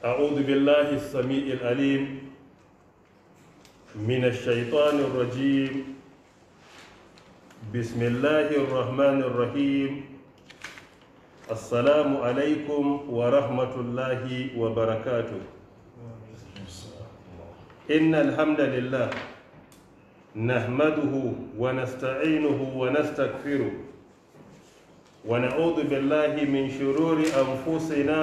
أعوذ بالله السميع العليم من الشيطان الرجيم بسم الله الرحمن الرحيم السلام عليكم ورحمة الله وبركاته إن الحمد لله نحمده ونستعينه ونستغفره ونعوذ بالله من شرور أنفسنا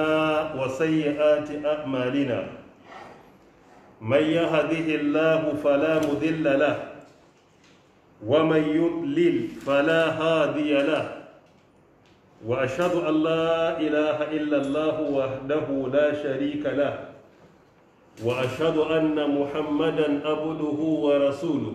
وسيئات أعمالنا من يهده الله فلا مذل له ومن يضلل فلا هادي له وأشهد أن لا إله إلا الله وحده لا شريك له وأشهد أن محمدا عبده ورسوله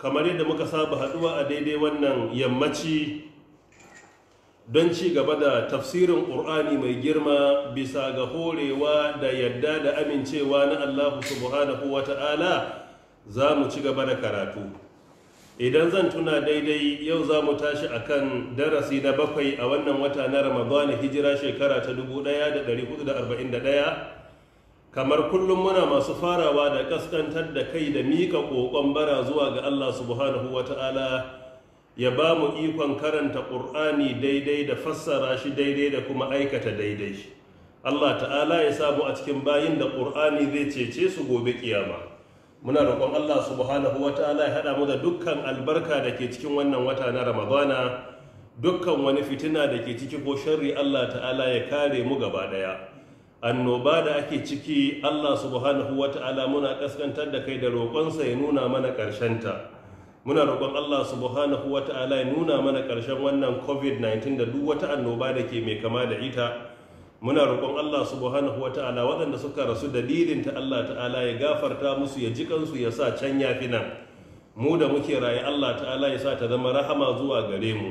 kamar yadda muka saba haɗuwa a daidai wannan yammaci don ci gaba da tafsirin ƙur'ani mai girma bisa ga horewa da yadda da amincewa na allahu subhanahu wa ta'ala za mu ci gaba da karatu idan zan tuna daidai yau za mu tashi a kan darasi na bakwai a wannan wata na ramadana hijira shekara ta 1441 kamar kullum muna masu farawa da kaskantar da kai da mika kokon bara zuwa ga Allah subhanahu ta'ala ya ba mu ikon karanta ƙur'ani daidai da fassara shi daidai da kuma aikata daidai Allah ta'ala ya samu a cikin bayin da ƙur'ani zai cece su gobe kiyama muna roƙon Allah subhanahu ta'ala ya haɗa mu da dukkan albarka da ke cikin wannan wata na Ramadana dukkan wani fitina da ke ciki ko sharri Allah ta'ala ya kare mu gaba ɗaya annoba da ake ciki Allah subhanahu ta'ala muna kaskantar da kai da roƙonsa ya nuna mana ta. muna roƙon Allah subhanahu ta'ala ya nuna mana ƙarshen wannan covid-19 da duk wata annoba da ke mai kama da ita muna roƙon Allah subhanahu ta'ala waɗanda suka rasu dalilin ta Allah ta'ala ya gafarta musu ya ji kansu ya sa can yafi nan mu da muke raye Allah ta'ala ya sa ta zama rahama zuwa gare mu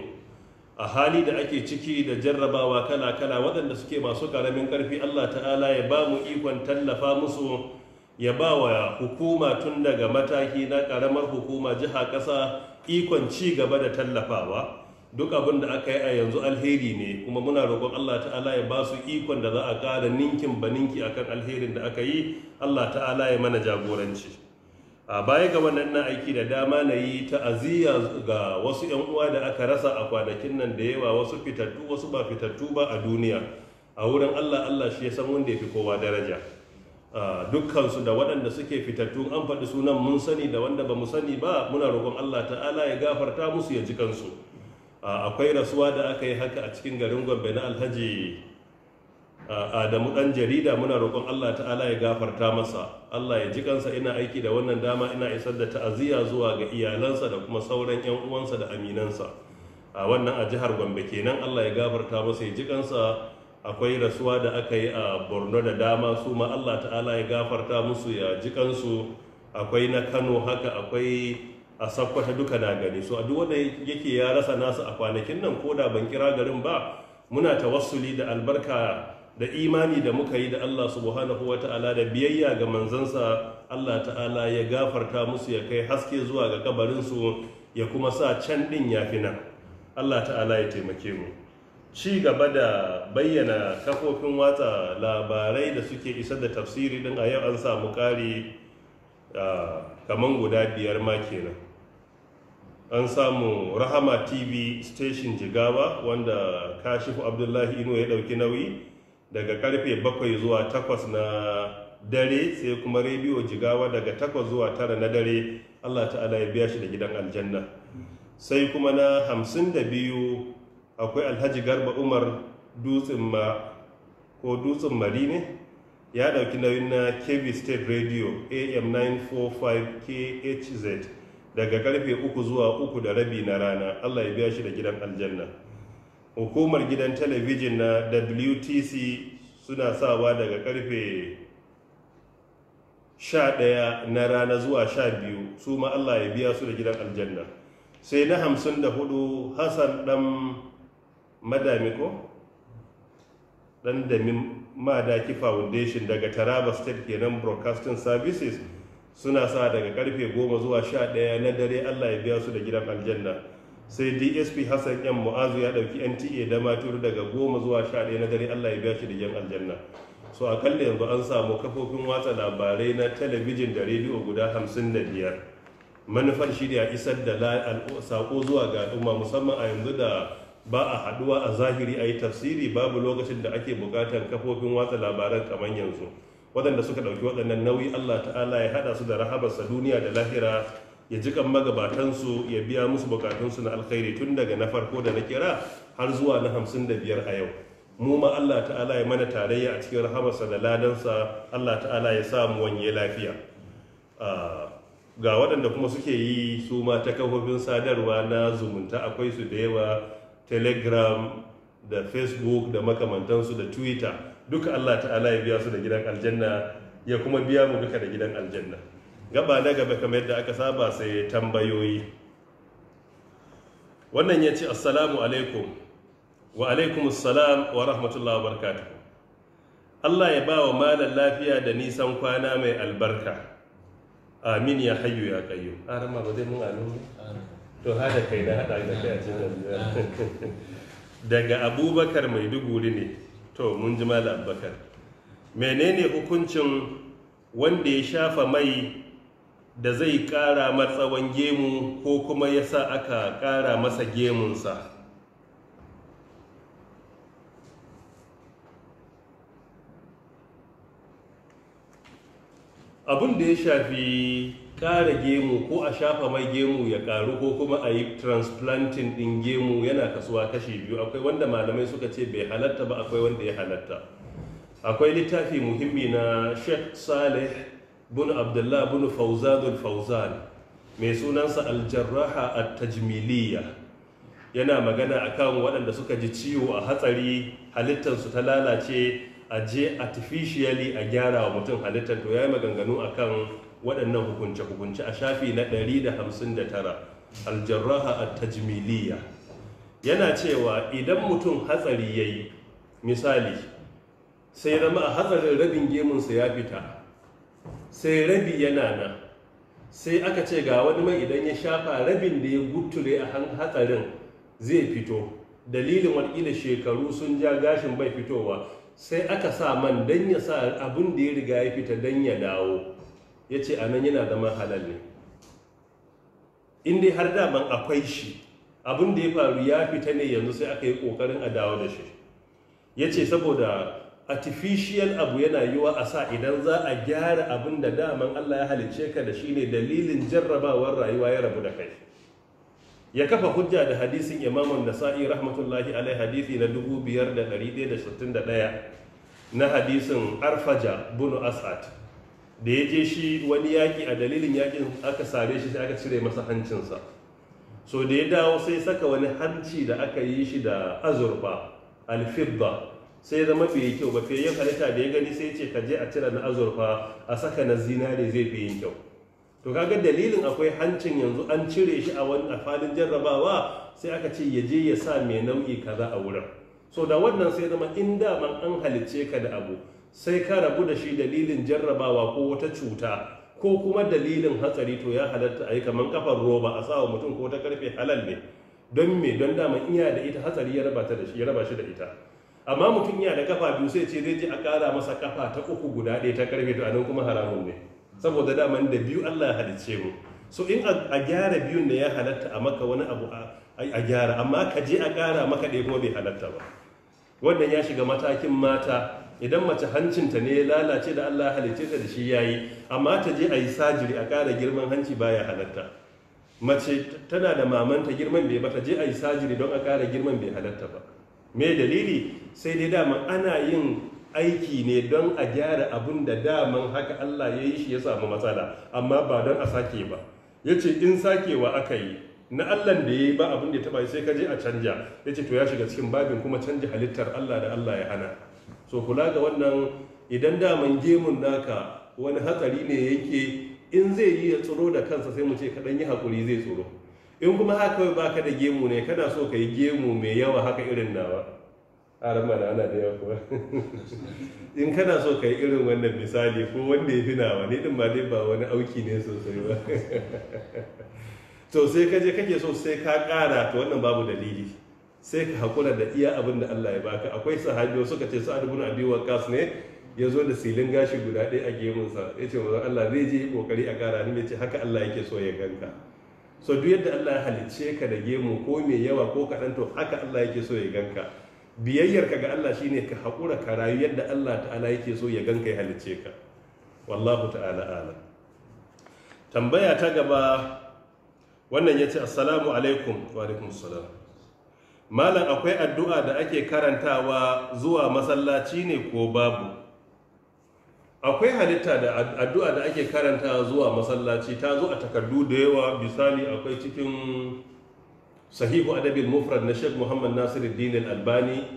a hali da ake ciki da jarrabawa kala-kala waɗanda suke masu ƙaramin ƙarfi Allah ta'ala ya ba mu ikon tallafa musu ya ba wa hukuma tun daga mataki na ƙaramar hukuma jiha ƙasa ikon ci gaba da tallafawa duk abin da aka yi a yanzu alheri ne kuma muna roƙon Allah ta'ala ya ba su ikon da za a ƙara ninkin baninki akan alherin da aka yi Allah ta'ala ya mana jagoranci. a baya ga wannan na aiki da dama na yi ta aziya ga wasu 'yan uwa da aka rasa a kwanakin nan da yawa wasu fitattu wasu ba fitattu ba a duniya a wurin allah allah shi ya san wanda ya fi kowa daraja dukkansu da waɗanda suke fitattu an faɗi sunan mun sani da wanda ba mu sani ba muna roƙon allah ta'ala ya gafarta musu ya ji kansu akwai rasuwa da aka yi haka a cikin garin gombe na alhaji Adamu ɗan jarida muna roƙon Allah ta'ala ya gafarta masa Allah ya ji kansa ina aiki da wannan dama ina isar da ta'aziyya zuwa ga iyalansa da kuma sauran 'yan uwansa da aminansa a wannan a jihar Gombe kenan Allah ya gafarta masa ya ji kansa akwai rasuwa da aka yi a Borno da dama su ma Allah ta'ala ya gafarta musu ya ji kansu akwai na Kano haka akwai a Sakkwata duka na gani so a duk wanda yake ya rasa nasa a kwanakin nan ko da ban kira garin ba muna tawassuli da albarka da imani da muka yi da Allah subhanahu wa ta'ala da biyayya ga manzansa Allah ta'ala ya gafarta musu ya kai haske zuwa ga kabarinsu ya kuma sa can din ya fi nan Allah ta'ala ya taimake mu ci gaba da bayyana kafofin watsa labarai da suke isa da tafsiri din a yau an samu ƙari kaman guda biyar ma kenan an samu rahama tv station jigawa wanda kashifu abdullahi inu ya ɗauki nauyi daga karfe 7 zuwa 8 na dare sai kuma rediyo jigawa daga 8 zuwa 9 na dare Allah ta'ala ya biya shi da gidan aljanna sai kuma na 52 akwai alhaji garba umar dutsen ma ko dutsen mari ne ya dauki nauyin na kb state radio am 945 khz daga karfe 3 zuwa 3 da rabi na rana Allah ya biya shi da gidan aljanna hukumar gidan talabijin na wtc suna sawa daga karfe 11 na rana zuwa 12 su allah ya biya su da gidan aljanna sai na 54 hassan dan madamiko dan madaki foundation daga taraba state kenan broadcasting services suna sa daga karfe 10 zuwa 11 na dare allah ya biya su da gidan aljanna sai dsp hassan yan mu'azu ya ɗauki nta da matur daga goma zuwa sha ɗaya na dare allah ya biya shi da yan aljanna so akalla yanzu an samu kafofin watsa labarai na talabijin da rediyo guda hamsin da biyar manufar shi a isar da saƙo zuwa ga al'umma musamman a yanzu da ba a haduwa a zahiri a yi tafsiri babu lokacin da ake bukatar kafofin watsa labaran kamar yanzu waɗanda suka ɗauki waɗannan nauyi allah ta'ala ya haɗa su da rahabarsa duniya da lahira ya ji kan magabatansu ya biya musu bukatunsu na alkhairi tun daga na farko da na kira har zuwa na hamsin da biyar a yau mu ma Allah ta'ala ya mana tarayya a cikin rahamarsa da ladansa Allah ta'ala ya sa mu wanye lafiya ah, ga waɗanda kuma suke yi su ma ta kafofin sadarwa na zumunta akwai su da yawa telegram da facebook da makamantansu da twitter duka Allah ta'ala ya biya su da gidan aljanna ya kuma biya mu duka da gidan aljanna gaba na gaba kamar yadda aka saba sai tambayoyi wannan ya ce assalamu alaikum wa alaikum assalam wa rahmatullah wa barakatuhu Allah ya ba wa malar lafiya da nisan kwana mai albarka amin ya hayu ya kayu arama ba zai mun alu to hada kai na hada da kai a cikin daga abubakar mai duguri ne to mun ji malar abubakar menene hukuncin wanda ya shafa mai da zai ƙara matsawon gemu ko kuma ya sa aka ƙara masa gemunsa abin da ya shafi ƙara gemu ko a shafa mai gemu ya ƙaru ko kuma a yi transplanting ɗin gemu yana kasuwa kashi biyu akwai wanda malamai suka ce bai halatta ba akwai wanda ya halatta akwai littafi muhimmi na sheikh saleh bin abdullah bin fauzadul fauzan mai sunansa aljarraha a tajmiliya yana magana akan waɗanda suka ji ciwo a hatsari halittarsu ta lalace a je artificially a gyara wa mutum halittar to ya yi maganganu akan waɗannan hukunce-hukunce a shafi na 159 aljarraha a tajmiliya yana cewa idan mutum hatsari ya yi misali sai zama a hatsarin rabin gemunsa ya fita sai rabi yana nan sai aka ce ga wani mai idan ya shafa rabin da ya gutture a hatsarin zai fito dalilin wakilin shekaru sun ja gashin bai fitowa sai aka sa man don ya sa abin da ya riga ya fita don ya dawo ya ce a nan yana zama halal ne inda har ban akwai shi abin da ya faru ya fita ne yanzu sai aka yi ƙoƙarin a dawo da shi ya ce saboda artificial abu yana yiwa a sa idan za a gyara abin da daman Allah ya halicce ka da shine dalilin jarrabawar rayuwa ya rabu da kai ya kafa hujja da hadisin imamun Sa'i rahmatullahi alai hadisi na 5161 na hadisin arfaja bunu as'ad da ya je shi wani yaki a dalilin yaƙin aka same shi sai aka cire masa hancinsa so da ya dawo sai saka wani hanci da aka yi shi da azurfa alfibba sai zama bai yi kyau ba fiye yin halitta da ya gani sai ce ka je a cire na azurfa a saka na zinare zai fi yin kyau to kaga dalilin akwai hancin yanzu an cire shi a wani falin jarrabawa sai aka ce ya je ya sa mai nau'i kaza a wurin so da wannan sai zama in daman an halicce ka da abu sai ka rabu da shi dalilin jarrabawa ko wata cuta ko kuma dalilin hatsari to ya halatta a yi kamar kafar roba a sawa mutum ko ta karfe halal ne don me don dama iya da ita hatsari ya raba shi da ita amma mutum yana da kafa biyu sai ce zai je a ƙara masa kafa ta uku guda ɗaya ta karfe to anan kuma haramun ne saboda daman da biyu Allah ya halicce mu so in a gyara biyun da ya halatta a maka wani abu a gyara amma ka je a ƙara maka ɗaya kuma bai halatta ba wannan ya shiga matakin mata idan mace hancinta ne lalace da Allah ya halicce ta da shi yayi amma ta je a yi sajiri a ƙara girman hanci baya halatta mace tana da mamanta girman bai ba ta je a yi sajiri don a ƙara girman bai halatta ba me dalili sai dai dama ana yin aiki ne don a gyara abin da daman haka Allah ya yi shi ya samu matsala amma ba don a sake ba ya ce in sakewa aka yi na Allah da ya yi ba abin da ya taba sai ka je a canja ya ce to ya shiga cikin babin kuma canja halittar Allah da Allah ya hana so kula ga wannan idan daman gemun naka wani hatsari ne yake in zai yi ya tsoro da kansa sai mu ce kaɗan yi haƙuri zai tsoro in kuma haka ba ka da gemu ne kana so ka yi gemu mai yawa haka irin nawa haram mana ana da yawa kuma in kana so ka yi irin wannan misali ko wanda ya fi nawa ne din ba dai ba wani auki ne sosai ba to sai ka je kake so sai ka ƙara to wannan babu dalili sai ka hakura da iya abin da Allah ya baka akwai sahabiyo suka ce sa'ad ibn abi waqas ne ya zo da silin gashi guda ɗaya a gemunsa ya ce mazan Allah zai je kokari a ƙara ni mai ce haka Allah yake so ya ganka so duk yadda Allah ya halicce ka da gemu ko mai yawa ko kaɗan to haka Allah yake so ya ganka biyayyar ka ga Allah shine ka haƙura ka rayu yadda Allah ta'ala yake so ya ganka ya halicce ka wallahu ta'ala ala tambaya ta gaba wannan ya assalamu alaikum wa alaikum salam malam akwai addu'a da ake karantawa zuwa masallaci ne ko babu akwai halitta da addu'a da ake karanta zuwa masallaci ta zo a takardu da yawa misali akwai cikin sahihu adabin mufrad na sheikh muhammad nasiruddin albani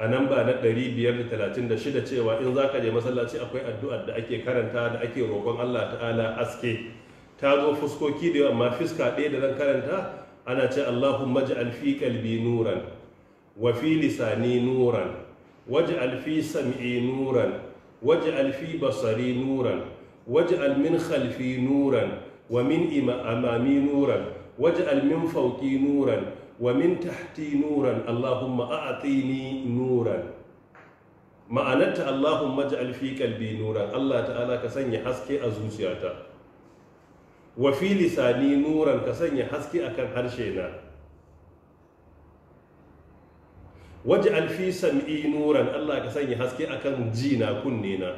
a nan ba na 536 cewa in za ka je masallaci akwai addu'a da ake karanta da ake roƙon allah ta'ala aske ta zo fuskoki da yawa amma fiska ɗaya da zan karanta ana ce Allahu! ja'al alfi kalbi, nuran wa fi lisani nuran waj'al alfi sam'i nuran waj'al alfi basari nuran waj'al almin khalfi nuran wa min amami nuran waj'al almin fawqi nuran wa min tahti nuran allahumma a'tini nuran ma'anarta allahumma ja'al fi qalbi nuran allah ta'ala ka sanya haske a zuciyata wa fi lisani nuran ka sanya haske akan harshe na waje alfi sam'i nuran Allah ka sanya haske akan ji na kunne na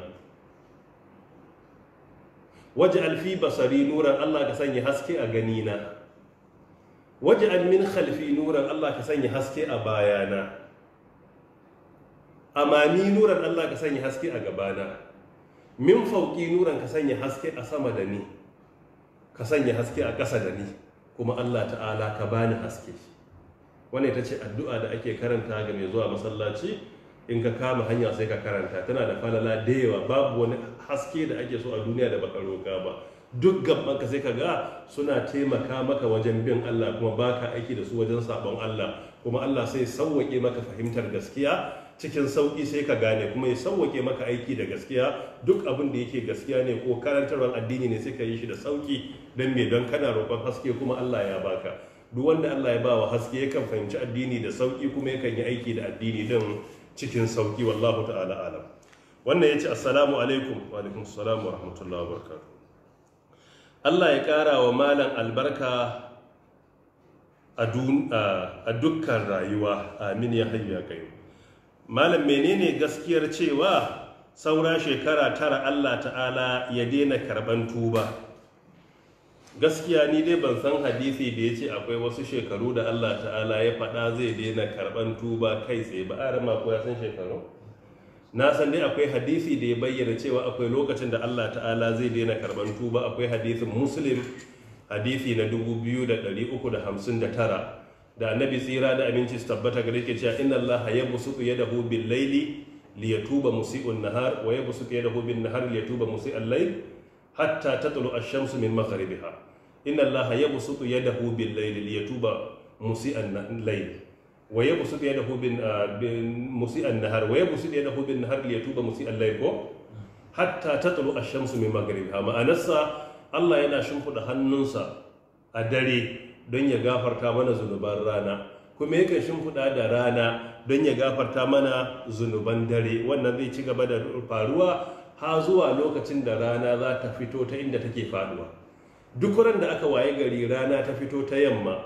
waje alfi basari nuran Allah ka sanya haske a gani na waje almin khalfi nuran Allah ka sanya haske a bayana Amani nuran Allah ka sanya haske a gabana min fauki nuran ka sanya haske a sama da ni ka sanya haske a ƙasa da ni kuma Allah ta'ala ka bani haske wani ita ce addu'a da ake karanta ga mai zuwa masallaci in ka kama hanya sai ka karanta tana da falala da yawa babu wani haske da ake so a duniya da baka roka ba duk gaban ka sai ka ga suna taimaka maka wajen bin Allah kuma baka aiki da su wajen sabon Allah kuma Allah sai sauwake maka fahimtar gaskiya cikin sauƙi sai ka gane kuma ya sauwake maka aiki da gaskiya duk abin da yake gaskiya ne ko karantarwar addini ne sai ka yi shi da sauki don me don kana roƙon haske kuma Allah ya baka duk wanda Allah ya ba wa haske yakan fahimci addini da sauki kuma yakan yi aiki da addini din cikin sauki wallahu ta'ala alam wannan yace assalamu alaikum wa alaikum assalam wa rahmatullahi wa barakatuh Allah ya kara wa malam albarka a dukkan rayuwa amin ya hayya kai malam menene gaskiyar cewa saura shekara tara Allah ta'ala ya daina karban tuba gaskiya ni dai ban san hadisi da ya ce akwai wasu shekaru da Allah ta'ala ya faɗa zai daina karɓan tuba kai tsaye ba a rama ko ya san shekaru na san dai akwai hadisi da ya bayyana cewa akwai lokacin da Allah ta'ala zai daina karɓan tuba akwai hadisin muslim hadisi na 2359 da annabi tsira da aminci su tabbata gare ke cewa inna Allah ya ya dahu bil laili liyatuba musii'un nahar wa ya ya dahu bin nahar layl hatta ta tatlu ash-shamsu min maghribiha inna allaha yabsutu yadahu bil layli liyatuba musi'an layl wa yabsutu yadahu ah, bin musi'an nahar wa yabsutu yadahu bin ya tuba musi'an layl ko hatta tatlu ash-shamsu min maghribiha ma'anarsa Allah yana shimfida hannunsa a dare don ya gafarta mana zunuban rana kuma yakan shimfiɗa da rana don ya gafarta mana zunuban dare wannan zai ci gaba da faruwa ha zuwa lokacin da rana za ta fito ta inda take faduwa duk ran da aka waye gari rana ta fito ta yamma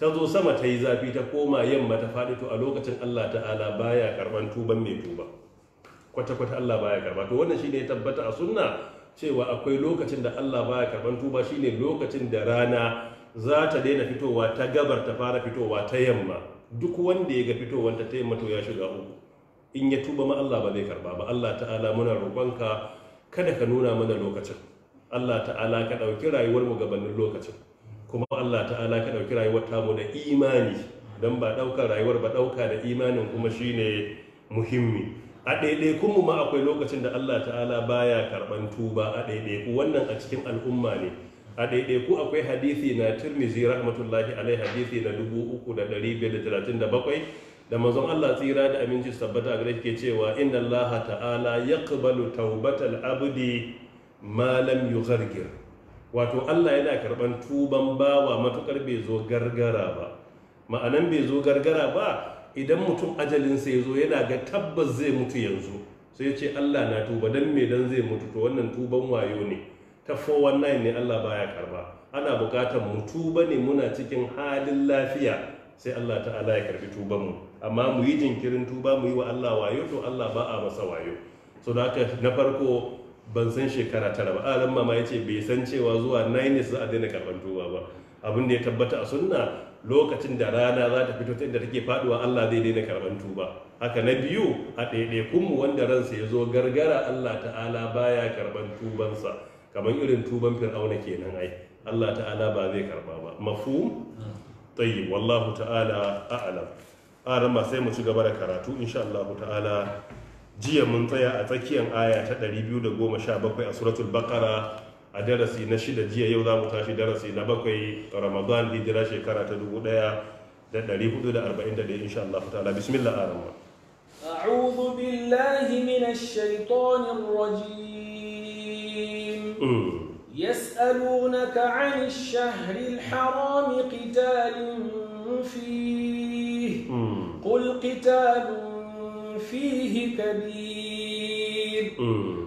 ta zo sama ta yi zafi ta koma yamma ta faɗi to a lokacin Allah ta'ala baya karban tuban mai tuba kwata-kwata Allah baya karba to wannan shine ya tabbata a sunna cewa akwai lokacin da Allah baya karban tuba shine lokacin da rana za ta daina fitowa ta gabar ta fara fitowa ta yamma duk wanda ya ga fitowanta ta yamma to ya shiga uku in ya tuba ma Allah ba zai karba ba Allah ta'ala muna roƙonka kada ka nuna mana lokacin Allah ta'ala ka ɗauki rayuwar mu gabanin lokacin kuma Allah ta'ala ka ɗauki rayuwar tamu da imani don ba ɗaukar rayuwar ba ɗauka da imanin kuma shine muhimmi a mu ma akwai lokacin da Allah ta'ala baya karɓan tuba a ɗaiɗaiku wannan a cikin al'umma ne a ɗaiɗaiku akwai hadisi na tirmizi rahmatullahi alai hadisi na 3537 da manzon Allah tsira da aminci sabbata tabbata gare ke cewa inda Allah ta'ala yaqbalu taubatal abudi malam yi wato Allah yana karban tuban bawa matukar bai zo gargara ba ma'anan bai zo gargara ba idan mutum ajalinsa ya zo yana ga tabbas zai mutu yanzu sai ce Allah na tuba don me dan zai mutu to wannan tuban wayo ne ta 419 ne Allah baya karba ana bukatar mu tuba ne muna cikin halin lafiya sai Allah ta'ala ya karbi tuban mu amma mu yi jinkirin tuba mu yi wa Allah wayo to Allah ba a masa wayo so da haka na farko ban san shekara tara ba alam mama ya ce bai san cewa zuwa 9 za a daina karban tuba ba abin da ya tabbata a sunna lokacin da rana za ta fito ta inda take faduwa Allah zai daina karban tuba haka na biyu a ɗaiɗaikun mu wanda ransa ya zo gargara Allah ta'ala baya karban tubansa kamar irin tuban fir'auna kenan ai Allah ta'ala ba zai karba ba mafhum hmm. tayyib wallahu ta'ala a'lam arama sai mu ci gaba da karatu insha Allah ta'ala jiya mun tsaya a tsakiyar aya ta 217 a suratul baqara a darasi na shida jiya yau za mu tashi darasi na bakwai ramadan hijira shekara ta 1441 insha Allah ta'ala bismillah arama أعوذ بالله من الشيطان الرجيم يسألونك عن الشهر الحرام قتال fi. قل قتال فيه كبير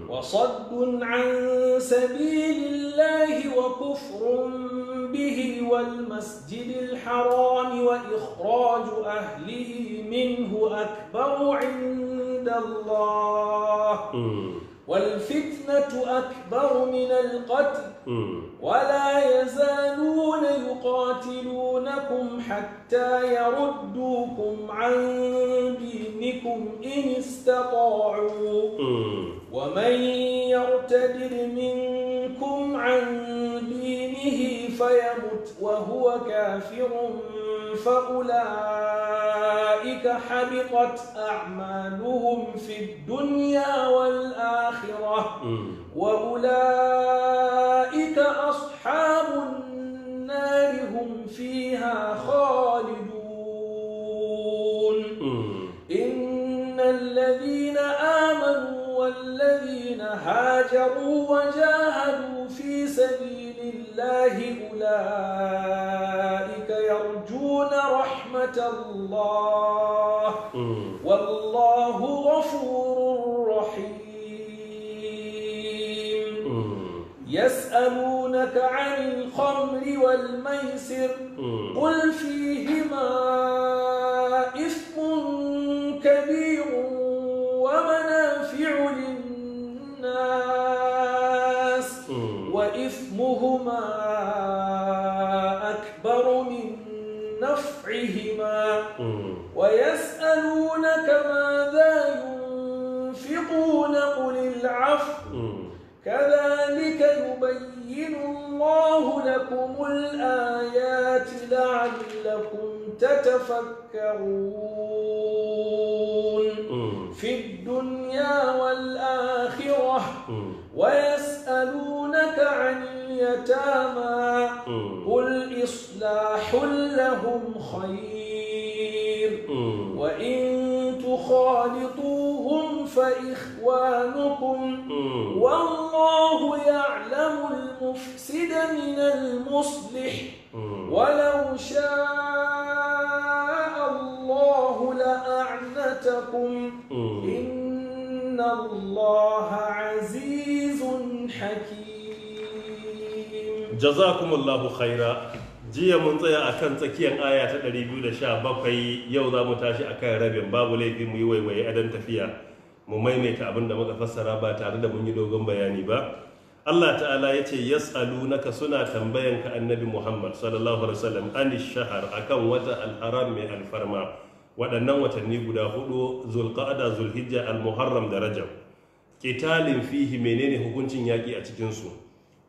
وصد عن سبيل الله وكفر به والمسجد الحرام وإخراج أهله منه أكبر عند الله والفتنة أكبر من القتل ولا يزالون يقاتلونكم حتى يردوكم عن دينكم إن استطاعوا ومن يرتد منكم عن دينكم فيمت وهو كافر فأولئك حبطت أعمالهم في الدنيا والآخرة وأولئك أصحاب النار هم فيها خالدون هاجروا وجاهدوا في سبيل الله أولئك يرجون رحمة الله والله غفور رحيم يسألونك عن الخمر والميسر قل فيهما العفو كذلك يبين الله لكم الآيات لعلكم تتفكرون في الدنيا والآخرة ويسألونك عن اليتامى قل إصلاح لهم خير وإن تخالطوهم فإخوانكم والله يعلم المفسد من المصلح ولو شاء الله لأعنتكم إن الله عزيز حكيم جزاكم الله خيرا jiya mun tsaya akan tsakiyar aya ta 217 yau za mu tashi akan rabin babu laifi mu yi waiwaye adan tafiya mu maimaita abin da muka fassara ba tare da mun yi dogon bayani ba Allah ta'ala ya ce naka suna tambayan ka annabi Muhammad sallallahu alaihi wasallam an shahar akan wata alharam mai alfarma waɗannan watanni guda hudu zulqa'ada zulhijja Al-Muharram da rajab Ƙitalin fihi menene hukuncin yaƙi a cikinsu? su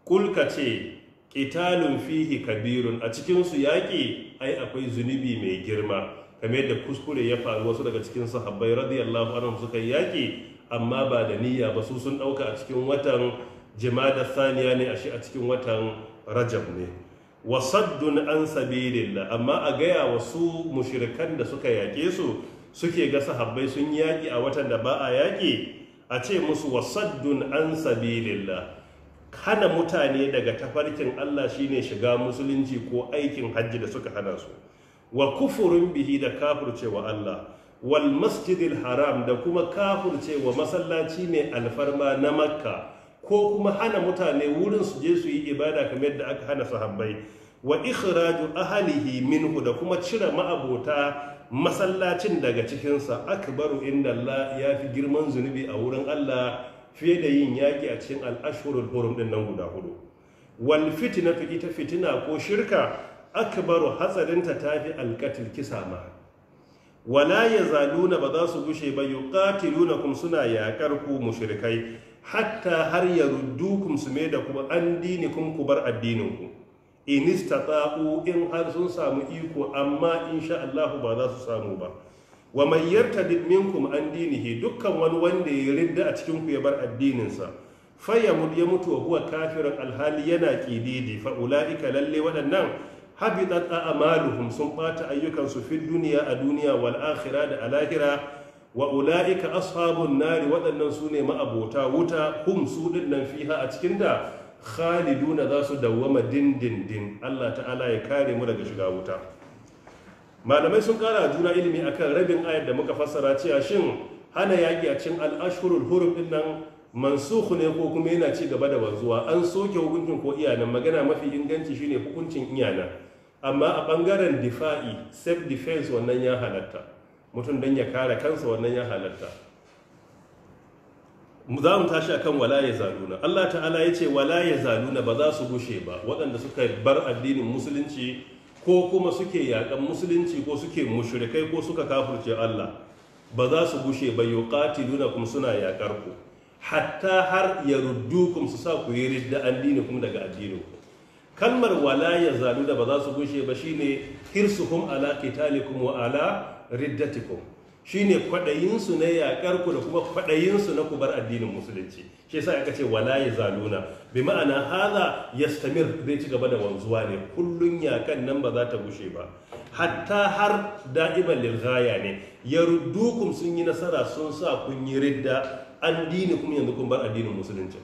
kul ka ce qitalun fihi kabirun a cikinsu yaƙi? yaki ai akwai zunubi mai girma kamar yadda kuskure ya faru wasu daga cikin sahabbai radiyallahu anhum suka yaki amma ba da niyya ba su sun dauka a cikin watan jimada saniya ne shi a cikin watan rajab ne wa saddun an sabilillah amma a gaya wasu mushrikan da suka yake su suke ga sahabbai sun yaki a watan da ba a yaki a ce musu wa saddun an sabilillah hana mutane daga tafarkin Allah shine shiga musulunci ko aikin hajji da suka hana su wa kufurin bihi da kafircewa Allah wal masjidil haram da kuma kafircewa masallaci mai alfarma na makka ko kuma hana mutane wurin su je su yi ibada kamar da aka hana sahabbai wa ikhraju ahlihi minhu da kuma cire ma'abota masallacin daga cikinsa akbaru inda Allah ya fi girman zunubi a wurin Allah fiye da yin yaƙi a cikin al'ashurul hurum ɗin nan guda hudu wal fitina ita fitina ko shirka akbaru hatsarinta tafi alkatil kisa ma wala yazaluna ba za su gushe ba kum suna yaƙar ku mushrikai hatta har ya kum su mai da kuma an kum ku bar addininku in istata'u in har sun samu iko amma insha Allah ba za su samu ba wa mai yarta minkum an dinihi dukkan wani wanda ya ridda a cikin ku ya bar addininsa fa ya mutu wa huwa kafirun alhali yana kididi fa ulaika lalle waɗannan habitat a'maluhum sun bata ayyukan su fi duniya a duniya wal akhirah da alahira wa ulaika ashabun nari waɗannan su ne ma'abota wuta hum su dinnan fiha a cikin da khaliduna za su dawwama dindindin Allah ta'ala ya kare mu daga shiga wuta malamai sun kara juna ilimi akan rabin ayar da muka fassara cewa shin hana yaki a cikin al-ashhurul hurum din nan mansukhu ne ko kuma yana ci gaba da wanzuwa an soke hukuncin ko iyanan magana mafi inganci shine hukuncin iyanan amma a ɓangaren difa'i self defense wannan ya halatta mutum don ya kare kansa wannan ya halatta za mu tashi akan wala ya zaluna Allah ta'ala ya ce wala ya zaluna ba za su gushe ba waɗanda suka bar addinin musulunci ko kuma suke yaƙan musulunci ko suke mushrikai ko suka kafurce Allah ba za su gushe ba nuna kuma suna yaƙar ku hatta har ya ruddu kuma su sa ku yi ridda addini kuma daga addinin ku kalmar wala ya zalu da ba za su bushe ba shine hirsuhum ala qitalikum wa ala riddatikum shine kwaɗayinsu na yakar ku da kuma kwaɗayinsu na kubar addinin musulunci shi yasa aka ce wala ya zaluna bi ma'ana hala yastamir zai ci gaba da wanzuwa ne kullun yakan nan ba za ta bushe ba hatta har da'iban lil ne yaruddukum sun yi nasara sun sa kun yi ridda addini kuma yanzu kun bar addinin musulunci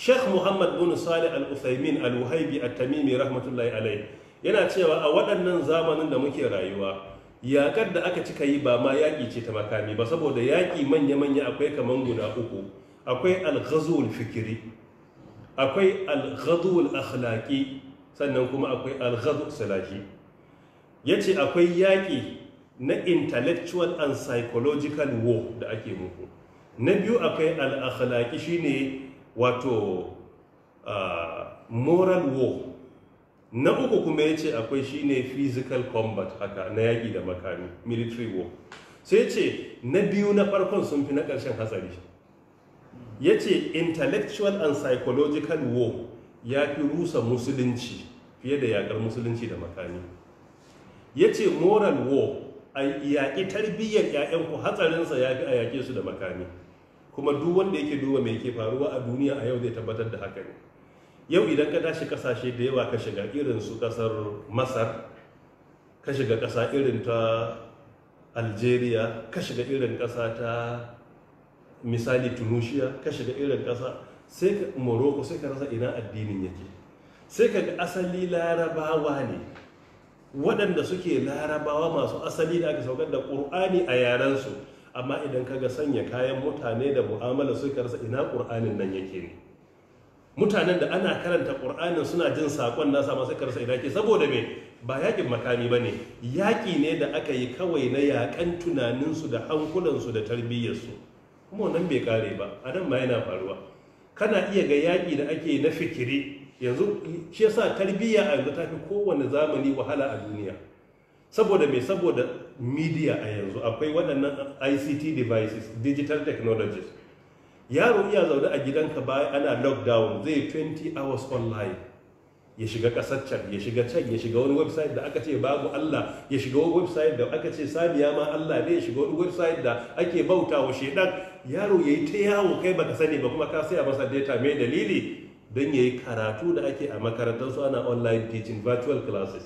sheikh muhammad bin salih al-uthaymin al-wahabi at-tamimi rahmatullahi alayhi yana cewa a waɗannan zamanin da muke rayuwa yaƙar da aka cika yi ba ma yaƙi ce ta makami ba saboda yaƙi manya-manya akwai kamar guda uku akwai alghazul fikiri akwai alghazul akhlaqi sannan kuma akwai alghazul salahi yace akwai yaƙi na intellectual and psychological war da ake muku na biyu akwai al-akhlaqi shine wato uh, moral war na uku kuma ya ce akwai shine physical combat haka na yaƙi da makami military war sai ce na biyu na farkon sun fi na ƙarshen hatsari ya ce intellectual and psychological war ya fi rusa musulunci fiye da yaƙar musulunci da makami ya ce moral war a yaƙi tarbiyyar 'ya'yanku hatsarinsa ya fi a yaƙe su da makami kuma duk wanda yake duba mai ke faruwa a duniya a yau zai tabbatar da haka ne yau idan ka tashi kasashe da yawa ka shiga irin su kasar masar ka shiga kasa irin ta algeria ka shiga irin kasa ta misali tunisia ka shiga irin kasa sai ka morocco sai ka rasa ina addinin yake sai ka ga asali larabawa ne waɗanda suke larabawa masu asali da aka saukar da ƙur'ani a yarensu amma idan kaga sanya kayan mutane da mu'amala suka karsa ina ƙur'anin nan yake ne mutanen da ana karanta ƙur'anin suna jin saƙon nasa masu karsa ina ke saboda me ba yaƙin makami ba ne yaƙi ne da aka yi kawai na yaƙan tunaninsu da hankulansu da tarbiyyarsu kuma nan bai kare ba a nan ma yana faruwa kana iya ga yaƙi da ake na fikiri yanzu shi yasa tarbiyya a yanzu ta fi kowane zamani wahala a duniya saboda me saboda media a yanzu akwai waɗannan ict devices digital technologies yaro iya zaune a gidanka baya, ana lockdown zai 20 hours online ya shiga ƙasar can ya shiga can ya shiga wani website da aka ce babu Allah ya shiga wani website da aka ce sabiya ma Allah ne ya shiga wani website da ake bauta wa shedan yaro ya yi ta yawo kai baka sani ba kuma ka saya masa data mai dalili don ya yi karatu da ake a makarantar su ana online teaching virtual classes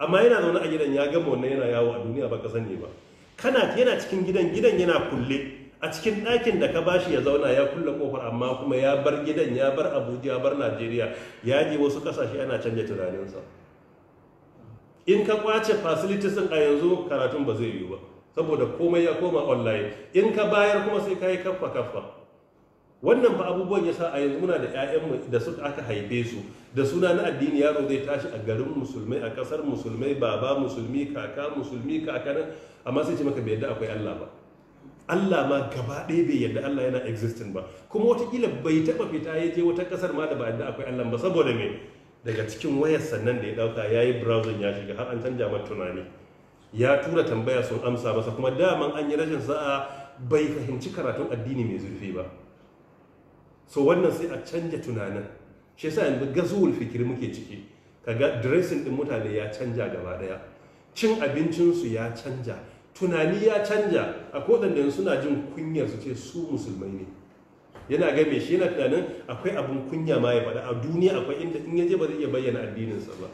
amma yana zaune a gidan ya gama wannan yana yawo a duniya ba ka sani ba kana yana cikin gidan gidan yana kulle a cikin ɗakin da ka bashi ya zauna ya kulle kofar amma kuma ya bar gidan ya bar abuja ya bar najeriya ya je wasu ƙasashe ana canja tunaninsa in ka kwace facilities a yanzu karatun ba zai yiwu ba saboda komai ya koma online in ka bayar kuma sai ka yi kaffa kaffa wannan ba abubuwan ya a yanzu muna da 'ya'yanmu da suka aka haife su da suna na addini yaro zai tashi a garin musulmai a kasar musulmai baba musulmi kaka musulmi nan amma sai ce maka bai yadda akwai Allah ba Allah ma gaba ɗaya bai yadda Allah yana existing ba kuma watakila bai taɓa fita ya je wata kasar ma da ba yadda akwai Allah ba saboda me daga cikin wayar sannan da ya ɗauka ya yi browsing ya shiga har an canja mata tunani ya tura tambaya sun amsa masa kuma daman an yi rashin sa'a bai fahimci karatun addini mai zurfi ba so wannan sai a canja tunanin shi yasa yanzu gazuwar fikir muke ciki kaga dressing din mutane ya canja gaba daya cin abincinsu ya canja tunani ya canja a kodanne suna jin kunyar su ce su musulmai ne yana ga game shi yana tunanin akwai abin kunya ma ya faɗa a duniya akwai inda in yaje ba zai iya bayyana addininsa ba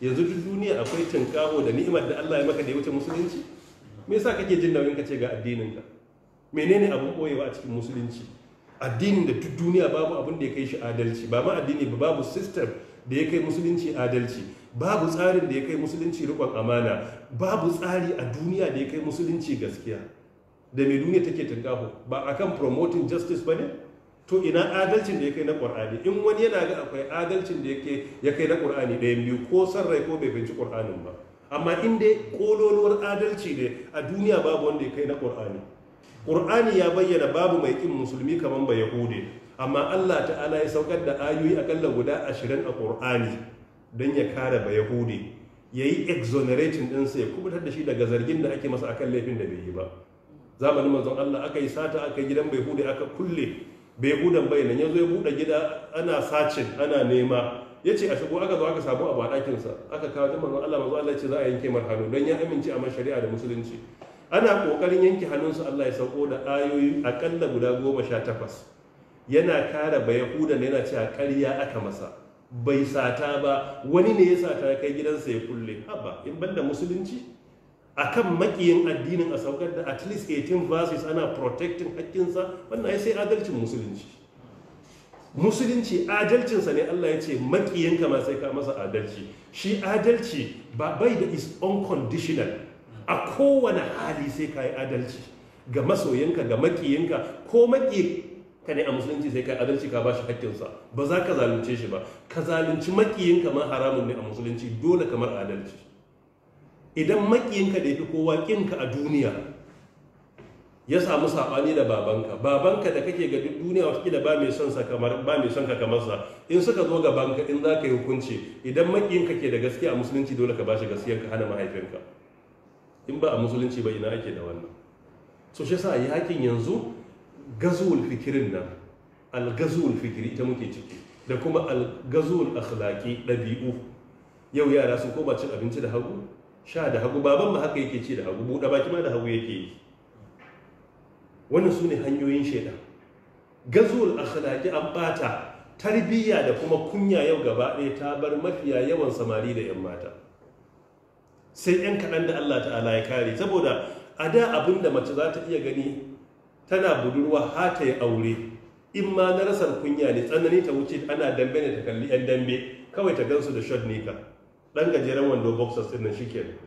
yanzu duk duniya akwai tinkaho da ni'imar da Allah ya maka da ya wuce musulunci me yasa kake jin nauyin ka ce ga addininka menene abin koyewa a cikin musulunci addinin da duk duniya babu abin da ya kai shi adalci ba ma addini ba babu system da ya kai musulunci adalci babu tsarin da ya kai musulunci rikon amana babu tsari a duniya da ya kai musulunci gaskiya da mai duniya take tunkaho ba akan promoting justice ba ne to ina adalcin da ya kai na ƙwar'ani in wani yana ga akwai adalcin da ya kai na ƙwar'ani ɗayan biyu ko san rai ko bai binci ƙwar'anin ba amma in dai ƙololuwar adalci ne a duniya babu wanda ya kai na ƙwar'ani ƙur'ani ya bayyana babu mai ƙin musulmi kamar ba yahude amma allah ta'ala ya saukar da ayoyi akalla guda ashirin a ƙur'ani don ya kare ba yahude ya yi exonerating ɗinsa ya kubutar da shi daga zargin da ake masa akan laifin da bai yi ba zamanin manzon allah aka yi sata aka gidan bai hude aka kulle bai hudan bai nan ya zo ya buɗe gida ana sacin ana nema ya ce a shigo aka zo aka samu abu a ɗakinsa aka kawo jin manzon allah manzon allah ce za a yanke marhanu don ya amince a shari'a da musulunci ana ƙoƙarin yanke hannunsu Allah ya sauko da ayoyi aƙalla guda goma sha takwas yana kara ba yahuda ne yana cewa ƙarya aka masa bai sata ba wani ne ya sata kai gidansa ya kulle haba in banda musulunci A kan makiyin addinin a saukar da at least 18 verses ana protecting hakkinsa wannan ya sai adalcin musulunci musulunci adalcinsa ne Allah ya ce makiyinka ma sai ka masa adalci shi adalci ba bai da is unconditional a kowane hali sai ka yi adalci ga masoyinka ga makiyinka ko maki ka ne a musulunci sai ka yi adalci ka bashi hakkinsa ba za ka zalunce shi ba ka zalunci makiyinka ma haramun ne a musulunci dole kamar adalci idan makiyinka da ya fi kowa ƙinka a duniya ya samu saɓani da babanka babanka da kake ga duniya wasu ƙila ba mai son ka kamar ba mai ka kamar sa in suka zo gabanka in za ka yi hukunci idan makiyinka ke da gaskiya a musulunci dole ka bashi gaskiyar ka hana mahaifinka in ba a musulunci ba ina ake da wannan so shi sa yakin yanzu gazul fikirin nan algazul fikiri ita muke ciki da kuma algazul akhlaqi dabi'u yau yara sun koma cin abinci da hagu sha da hagu baban ma haka yake ci da hagu buɗa baki ma da hagu yake yi wannan su ne hanyoyin shaida gazul akhlaqi an bata tarbiyya da kuma kunya yau gaba ɗaya ta bar mafiya yawan samari da yan mata sai 'yan kaɗan da Allah ta'ala ya kare saboda a da abin da mace za ta iya gani tana budurwa hata ya aure in ma na rasar kunya ne tsanani ta wuce ana dambe ne ta kalli 'yan dambe kawai ta gansu da shot nika ɗan gajeren wando boxers ɗin nan shikenan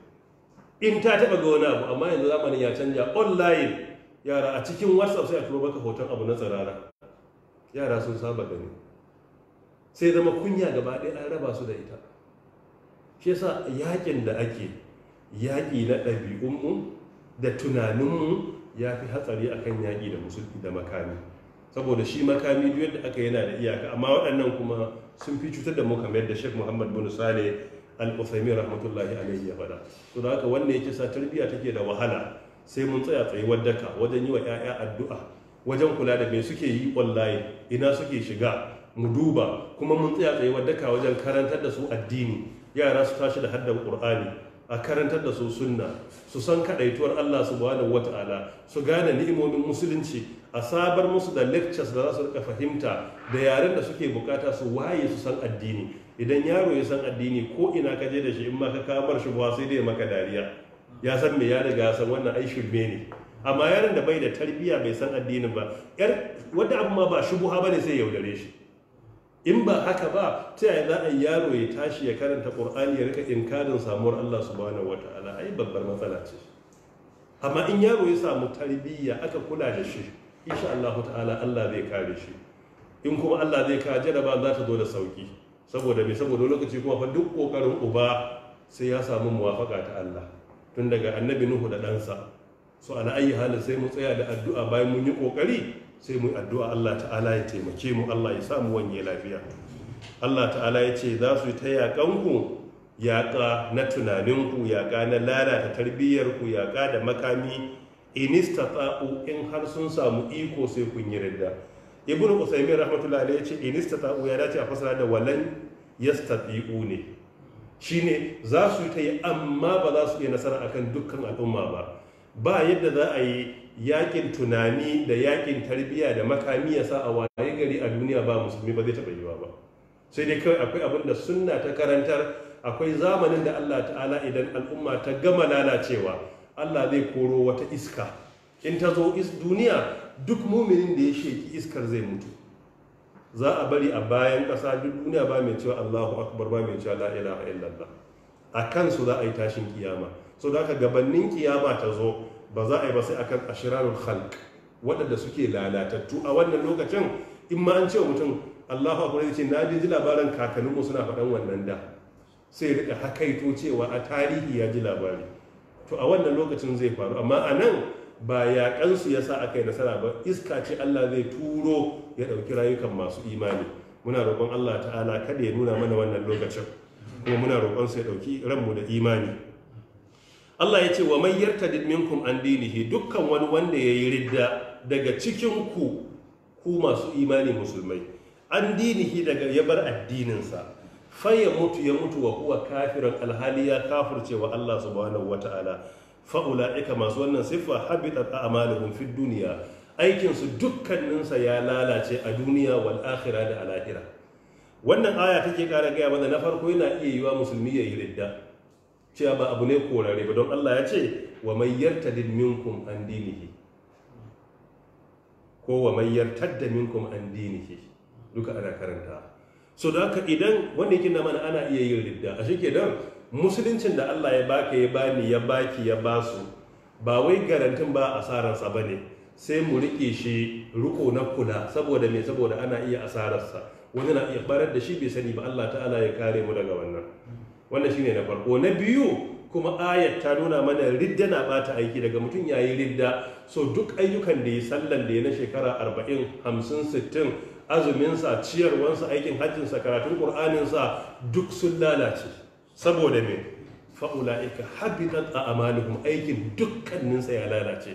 in ta taɓa ga wani abu amma yanzu zamanin ya canja online yara a cikin whatsapp sai a turo maka hoton abu na tsirara yara sun saba gani sai zama kunya gaba ɗaya an raba su da ita shi yasa yakin da ake yaƙi na ɗabi'unmu da tunaninmu ya fi hatsari a kan yaƙi da musulmi da makami saboda shi makami duk yadda aka yana da iyaka amma waɗannan kuma sun fi cutar da muka, mayar da shek Muhammad bin Saleh al usaimi rahmatullahi alaihi ya faɗa to da haka wanda yake sa tarbiyya take da wahala sai mun tsaya tsayuwar daka wajen yi wa 'ya'ya addu'a wajen kula da me suke yi online ina suke shiga mu duba kuma mun tsaya tsaye daka wajen karantar da su addini yara su tashi da haddan qur'ani a karantar da su sunna su san kaɗaituwar Allah subhanahu wata'ala su gane ni'imomin musulunci a sabar musu da lectures da za su rika fahimta da yaren da suke bukata su waye su san addini idan yaro ya san addini ko ina ka je da shi in ma ka kamar shi ba sai dai maka dariya ya san me ya riga ya san wannan ai shirme ne amma yaron da bai da tarbiya bai san addini ba yar wanda abu ma ba shubuha bane sai yaudare shi in ba haka ba ta yaya za a yaro ya tashi ya karanta qur'ani ya rika inkarin samuwar Allah subhanahu ta'ala) ai babbar matsala ce amma in yaro ya samu tarbiyya aka kula da shi insha Allah ta'ala Allah zai kare shi in kuma Allah zai kare jaraba za ta zo da sauki saboda me saboda lokaci kuma fa duk kokarin uba sai ya samu muwafaka ta Allah tun daga annabi Nuhu da ɗansa su ala ayi halin sai mu tsaya da addu'a bayan mun yi ƙoƙari? sai mu addu'a Allah ta'ala ya taimake mu Allah ya samu wanye lafiya Allah ta'ala ya ce za su ta yaƙanku yaƙa na tunaninku yaƙa na lalata tarbiyyarku yaƙa da makami inista ta'u in har sun samu iko sai kun yi ridda ibnu usaymin rahmatullahi ya ce inista ta'u ya dace a fasara da walan yastati'u ne shine za su ta yi amma ba za su iya nasara akan dukkan al'umma ba ba yadda za a yi yakin tunani da yakin tarbiyya da makami ya sa a waye gari a duniya ba musulmi ba zai taɓa yiwa ba sai dai kawai akwai abin da sunna ta karantar akwai zamanin da Allah ta'ala idan al'umma ta gama lalacewa Allah zai koro wata iska in ta zo is duniya duk muminin da ya sheki iskar zai mutu za a bari a bayan ƙasa duk duniya ba mai cewa Allahu akbar ba mai cewa la ilaha illallah a kansu za a yi tashin kiyama so da haka gabanin kiyama ta zo ba za a yi ba sai akan ashirarul khalq waɗanda suke lalatattu a wannan lokacin in ma an ce wa mutum Allahu akbar zai ce na ji labarin kakanninmu suna faɗan wannan da sai rika hakaito cewa a tarihi ya ji labari to a wannan lokacin zai faru amma a nan ba yaƙansu ya sa aka yi nasara ba iska ce Allah zai turo ya ɗauki rayukan masu imani muna roƙon Allah ta'ala kada ya nuna mana wannan lokacin kuma muna roƙon su ya ɗauki ranmu da imani Allah ya ce wa man yarta minkum an dinihi dukkan wani wanda ya yi ridda daga cikin ku masu imani musulmai an dinihi daga ya bar addininsa fa ya mutu ya mutu wa huwa kafiran alhali ya kafirce wa Allah subhanahu wataala fa ulaika masu wannan siffa habitat a'maluhum fid dunya aikin su dukkaninsa ya lalace a duniya wal akhirah da al wannan aya take kara gaya mana na farko yana iya yiwa musulmi ya yi ridda cewa ba abu ne korare ba don Allah ya ce wa mai da minkum an dinihi ko wa mai da minkum an dinihi duka ana karanta so da haka idan wanda yake na mana ana iya yin ridda a shike dan musuluncin da Allah ya baka ya bani ya baki ya basu ba wai garantin ba asararsa ba ne sai mu rike shi riko na kula saboda me saboda ana iya asararsa wani na iya barar da shi bai sani ba Allah ta'ala ya kare mu daga wannan wannan shine na farko na biyu kuma ayat ta nuna mana ridda na bata aiki daga mutum ya yi ridda so duk ayyukan da ya sallan da ya na shekara 40 50 60 azuminsa ciyarwansa aikin hajjin sa karatun sa duk sun lalace saboda me fa'ula'ika habitat a kuma aikin dukkaninsa ya lalace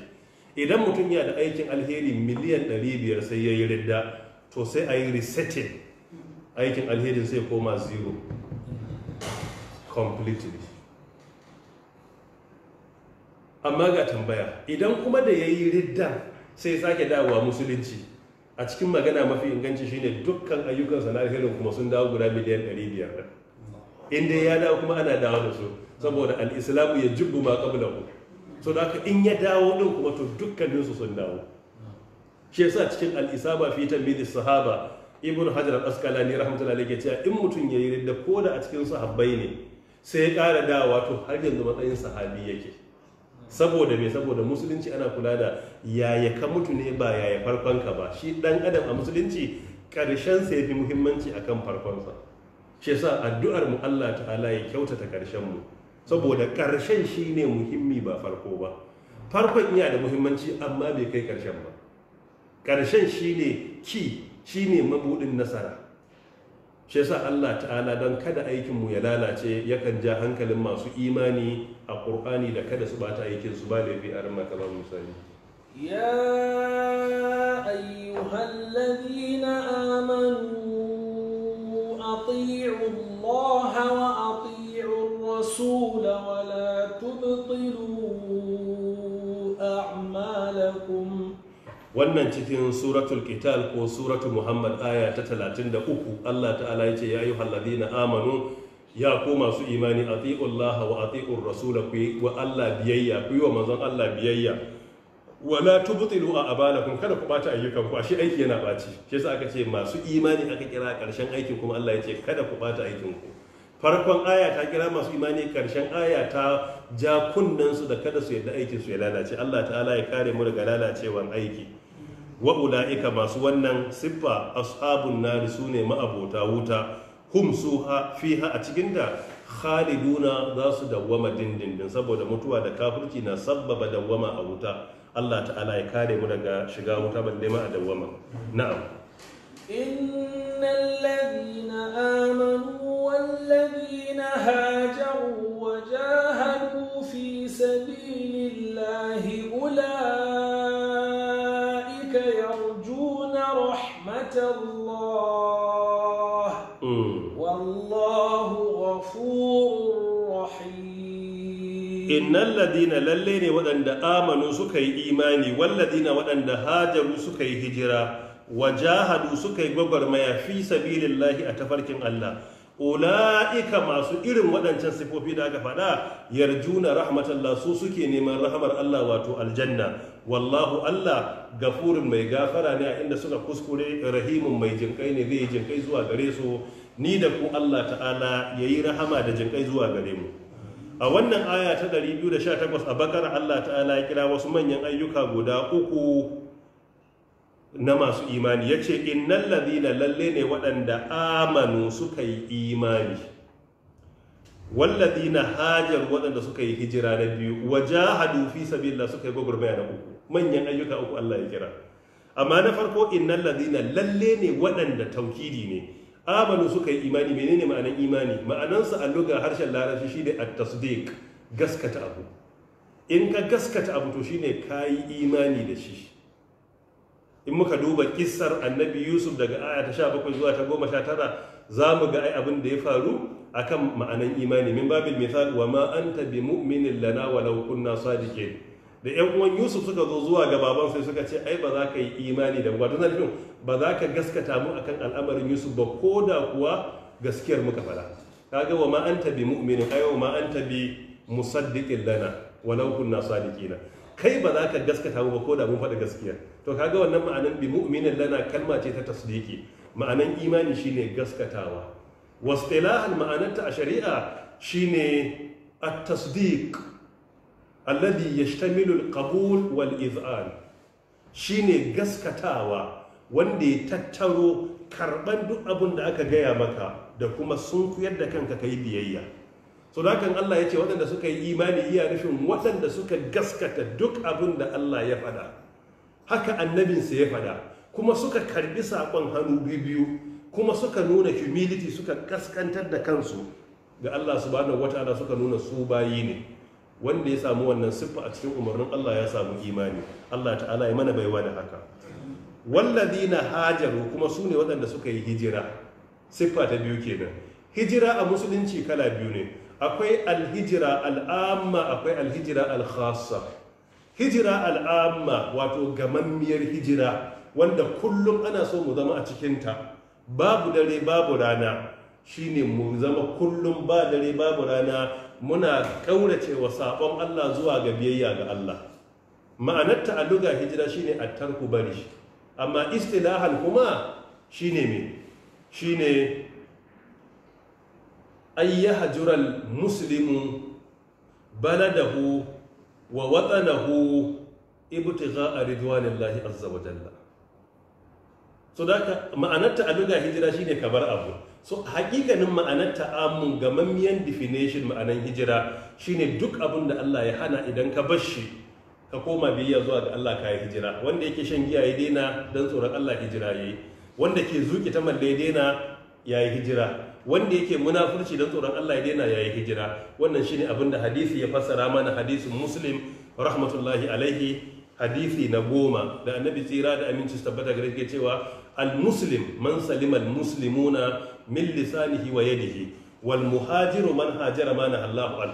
idan mutum ya da aikin alheri miliyan 500 sai ya yi ridda to sai ayi yi resetting aikin alherin sai koma zero completely amma ga tambaya idan kuma da ya yi riddan sai sake dawowa musulunci a cikin magana mafi inganci shine dukkan ayyukan na alherin kuma sun dawo guda miliyan 500 inda ya dawo kuma ana dawo da su saboda al'islamu ya jibbu ma ku. so da haka in ya dawo din kuma to dukkaninsu sun dawo shi yasa cikin al'isaba fi tambayi sahaba ibn hajar al-asqalani rahmatullahi ke ya in mutum ya yi ridda ko da a cikin sahabbai ne sai ya ƙara da wato har yanzu matsayin sahabi yake saboda me saboda musulunci ana kula da yaya ka mutu ne ba yaya ka ba shi dan adam a musulunci ƙarshen sa fi muhimmanci akan farkonsa shi yasa addu'ar mu Allah ta'ala ya kyautata ƙarshen mu saboda ƙarshen shine muhimmi ba farko ba farkon iya da muhimmanci amma bai kai karshen ba ƙarshen shine ki ne mabudin nasara shi yasa Allah ta'ala don kada aikin mu ya lalace yakan ja hankalin masu imani a ƙur'ani da kada su bata aikin su ba da a ran maka ba musali ya ayyuhal amanu ati'u wannan cikin suratul qital ko suratul muhammad aya ta 33 Allah ta'ala yace ya ayyuhal ladina amanu ya ku masu imani atiullaha wa atiur rasul wa Allah biyayya ku wa manzon Allah biyayya wala tubtilu a'malakum kada ku bata ayyukan ku ashe aiki yana baci shi yasa aka ce masu imani aka kira karshen aikin kuma Allah yace kada ku bata aikin ku farkon aya ta kira masu imani karshen aya ta ja su da kada su yadda aikin su ya lalace Allah ta'ala ya kare mu daga lalacewar aiki wa ula'ika masu wannan siffa ashabun nari su ne ma'abota wuta hum su fiha a cikin da khaliduna za su dawwama dindindin saboda mutuwa da kafirci na sabbaba dawwama a wuta Allah ta'ala ya kare mu daga shiga wuta balle ma a dawwama na'am innal ladina amanu wal ladina hajaru wa jahadu fi sabilillahi ulai رحمة الله والله غفور رحيم إن الذين للين ودند آمنوا سكي إيماني والذين ودند هاجروا سكي هجرا وجاهدوا سكي غبرميا في سبيل الله أتفركن الله ula'ika masu irin waɗancan sifofi da aka faɗa yarjuna rahmatallah su suke neman rahamar Allah wato aljanna wallahu Allah gafurin mai gafara ne a inda suka kuskure rahimun mai jinkai ne zai yi jinkai zuwa gare su ni da ku Allah ta'ala ya yi rahama da jinkai zuwa gare mu a wannan aya ta 218 a bakar Allah ta'ala ya kira wasu manyan ayyuka guda uku na masu imani ya ce innan ladina lalle ne waɗanda amanu suka yi imani walladina hajar waɗanda suka yi hijira na biyu wajahadu fi Sabila suka yi gwagwarmaya na uku manyan ayyuka uku Allah ya kira amma na farko innal ladina lalle ne waɗanda tauhidi ne amanu suka yi imani menene ma'anan imani ma'anansa a lugar harshen larabci shine at-tasdiq gaskata abu in ka gaskata abu to shine kayi imani da shi in muka duba kissar annabi yusuf daga aya ta 17 zuwa ta 19 za mu ga ai abin da ya faru akan ma'anan imani min babil mithal wa ma anta bi mu'minin lana walau kunna sadiqin da yan uwan yusuf suka zo zuwa ga baban sai suka ce ai ba za ka yi imani da ba tana nufin ba za ka gaskata mu akan al'amarin yusuf ba ko da kuwa gaskiyar muka fada kaga wa ma anta bi mu'minin ai wa ma anta bi musaddiqin lana walau kunna sadiqina kai ba za ka gaskata mu ba ko da mun faɗa gaskiya to kaga wannan ma'anan bi mu'minin lana kalma ce ta tasdiki ma'anan imani shine gaskatawa wastilahan ma'anarta a shari'a shine at-tasdiq alladhi yashtamilu alqabul wal iz'an shine gaskatawa wanda ya tattaro karban duk abun da aka gaya maka da kuma sun sunkuyar da kanka kai biyayya so da kan Allah ya ce waɗanda suka yi imani iya nufin waɗanda suka gaskata duk abun da Allah ya faɗa haka annabinsa ya faɗa kuma suka karbi saƙon hannu biyu kuma suka nuna humility suka kaskantar da kansu ga Allah subhanahu wataala suka nuna su bayi ne wanda ya samu wannan siffa a cikin umarnin Allah ya samu imani Allah ta'ala ya mana baiwa da haka na hajaru kuma su ne waɗanda suka yi hijira siffa ta biyu kenan hijira a musulunci kala biyu ne akwai alhijira al'amma akwai alhijira alkhasa hijira al'amma wato gamammiyar hijira wanda kullum ana so mu zama a cikin ta babu dare babu rana shine mu zama kullum ba dare babu rana muna kaurace wa sabon Allah zuwa ga biyayya ga Allah ma'anar ta'alluga hijira shine attarku bari amma istilahan kuma shine me shine hajural muslimu baladahu wa watanahu ibtigha ridwanillahi azza wa jalla so da ma'anar ta'alluga hijira shine kabar abu so hakikanin ma'anar ta'amun gamammiyan definition ma'anar hijira shine duk abin da Allah ya hana idan ka bar shi ka koma biyayya zuwa ga Allah ka yi hijira wanda yake shan giya ya daina don tsoron Allah hijira yayi wanda ke zuƙi ta malle ya daina ya yi hijira wanda yake munafurci don tsoron Allah ya daina ya yi hijira wannan shine abin da hadisi ya fassara mana hadisin Muslim rahmatullahi alaihi hadisi na goma da annabi tsira da aminci tabbata gare cewa al-muslim man salima al-muslimuna min lisanihi wa yadihi wal muhajiru man hajara ma na Allahu an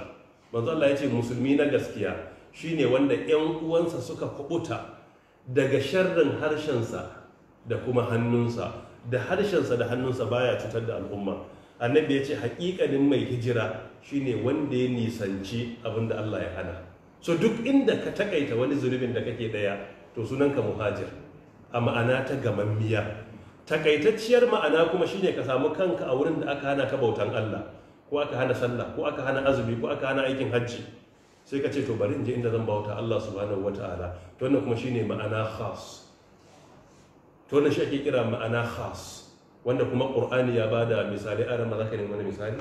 manzo Allah yace musulmi na gaskiya shine wanda 'yan uwansa suka kubuta daga sharrin harshensa da kuma hannunsa da harshensa da hannunsa baya cutar da al'umma annabi ya ce hakikanin mai hijira shine wanda ya nisanci abinda Allah ya hana so duk inda ka takaita wani zunubin da kake daya to sunanka muhajir a ma'ana ta gamammiya takaitacciyar ma'ana kuma shine ka samu kanka a wurin da aka hana ka bautan Allah ko aka hana sallah ko aka hana azumi ko aka hana aikin hajji sai ka ce to bari in je inda zan bauta Allah subhanahu wataala to wannan kuma shine ma'ana khas to wannan shi ake kira ma'ana khas wanda kuma Qur'ani ya bada misali a rama zakarin nemi misali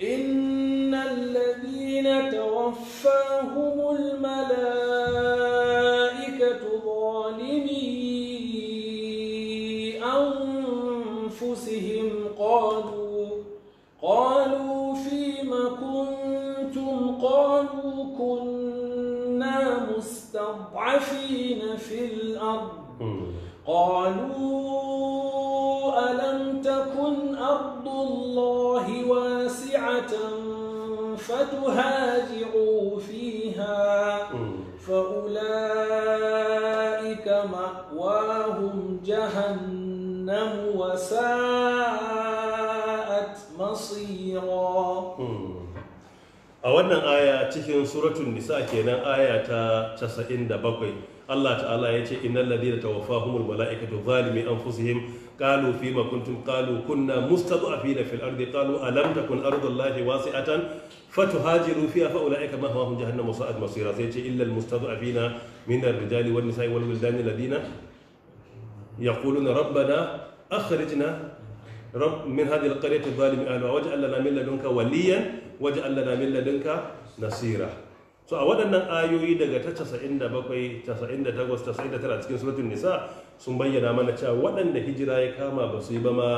إن الذين توفاهم الملائكة قالوا قالوا فيم كنتم قالوا كنا مستضعفين في الأرض قالوا ألم تكن أرض الله واسعة فتهاجروا فيها فأولئك مأواهم جهنم وساءت كثيرا hmm. a wannan aya cikin suratun nisa kenan aya ta 97 Allah ta'ala ya ce innal ladina tawaffahumul malaikatu zalimi anfusihim qalu fima kuntum qalu kunna mustad'afina fil ardi qalu alam takun ardullahi wasi'atan fatuhajiru fiha fa ulaika ma'wahum jahannam wa masira sai ce illal mustad'afina min ar-rijali wan nisa'i wal wildani ladina yaquluna rabbana akhrijna رب من هذه القرية الظالم أهلها واجعل لنا من لدنك وليا واجعل لنا من لدنك نصيرا so a waɗannan ayoyi daga ta 97 98 99 cikin suratul nisa sun bayyana mana cewa waɗanda hijira ya kama ba su yi ba ma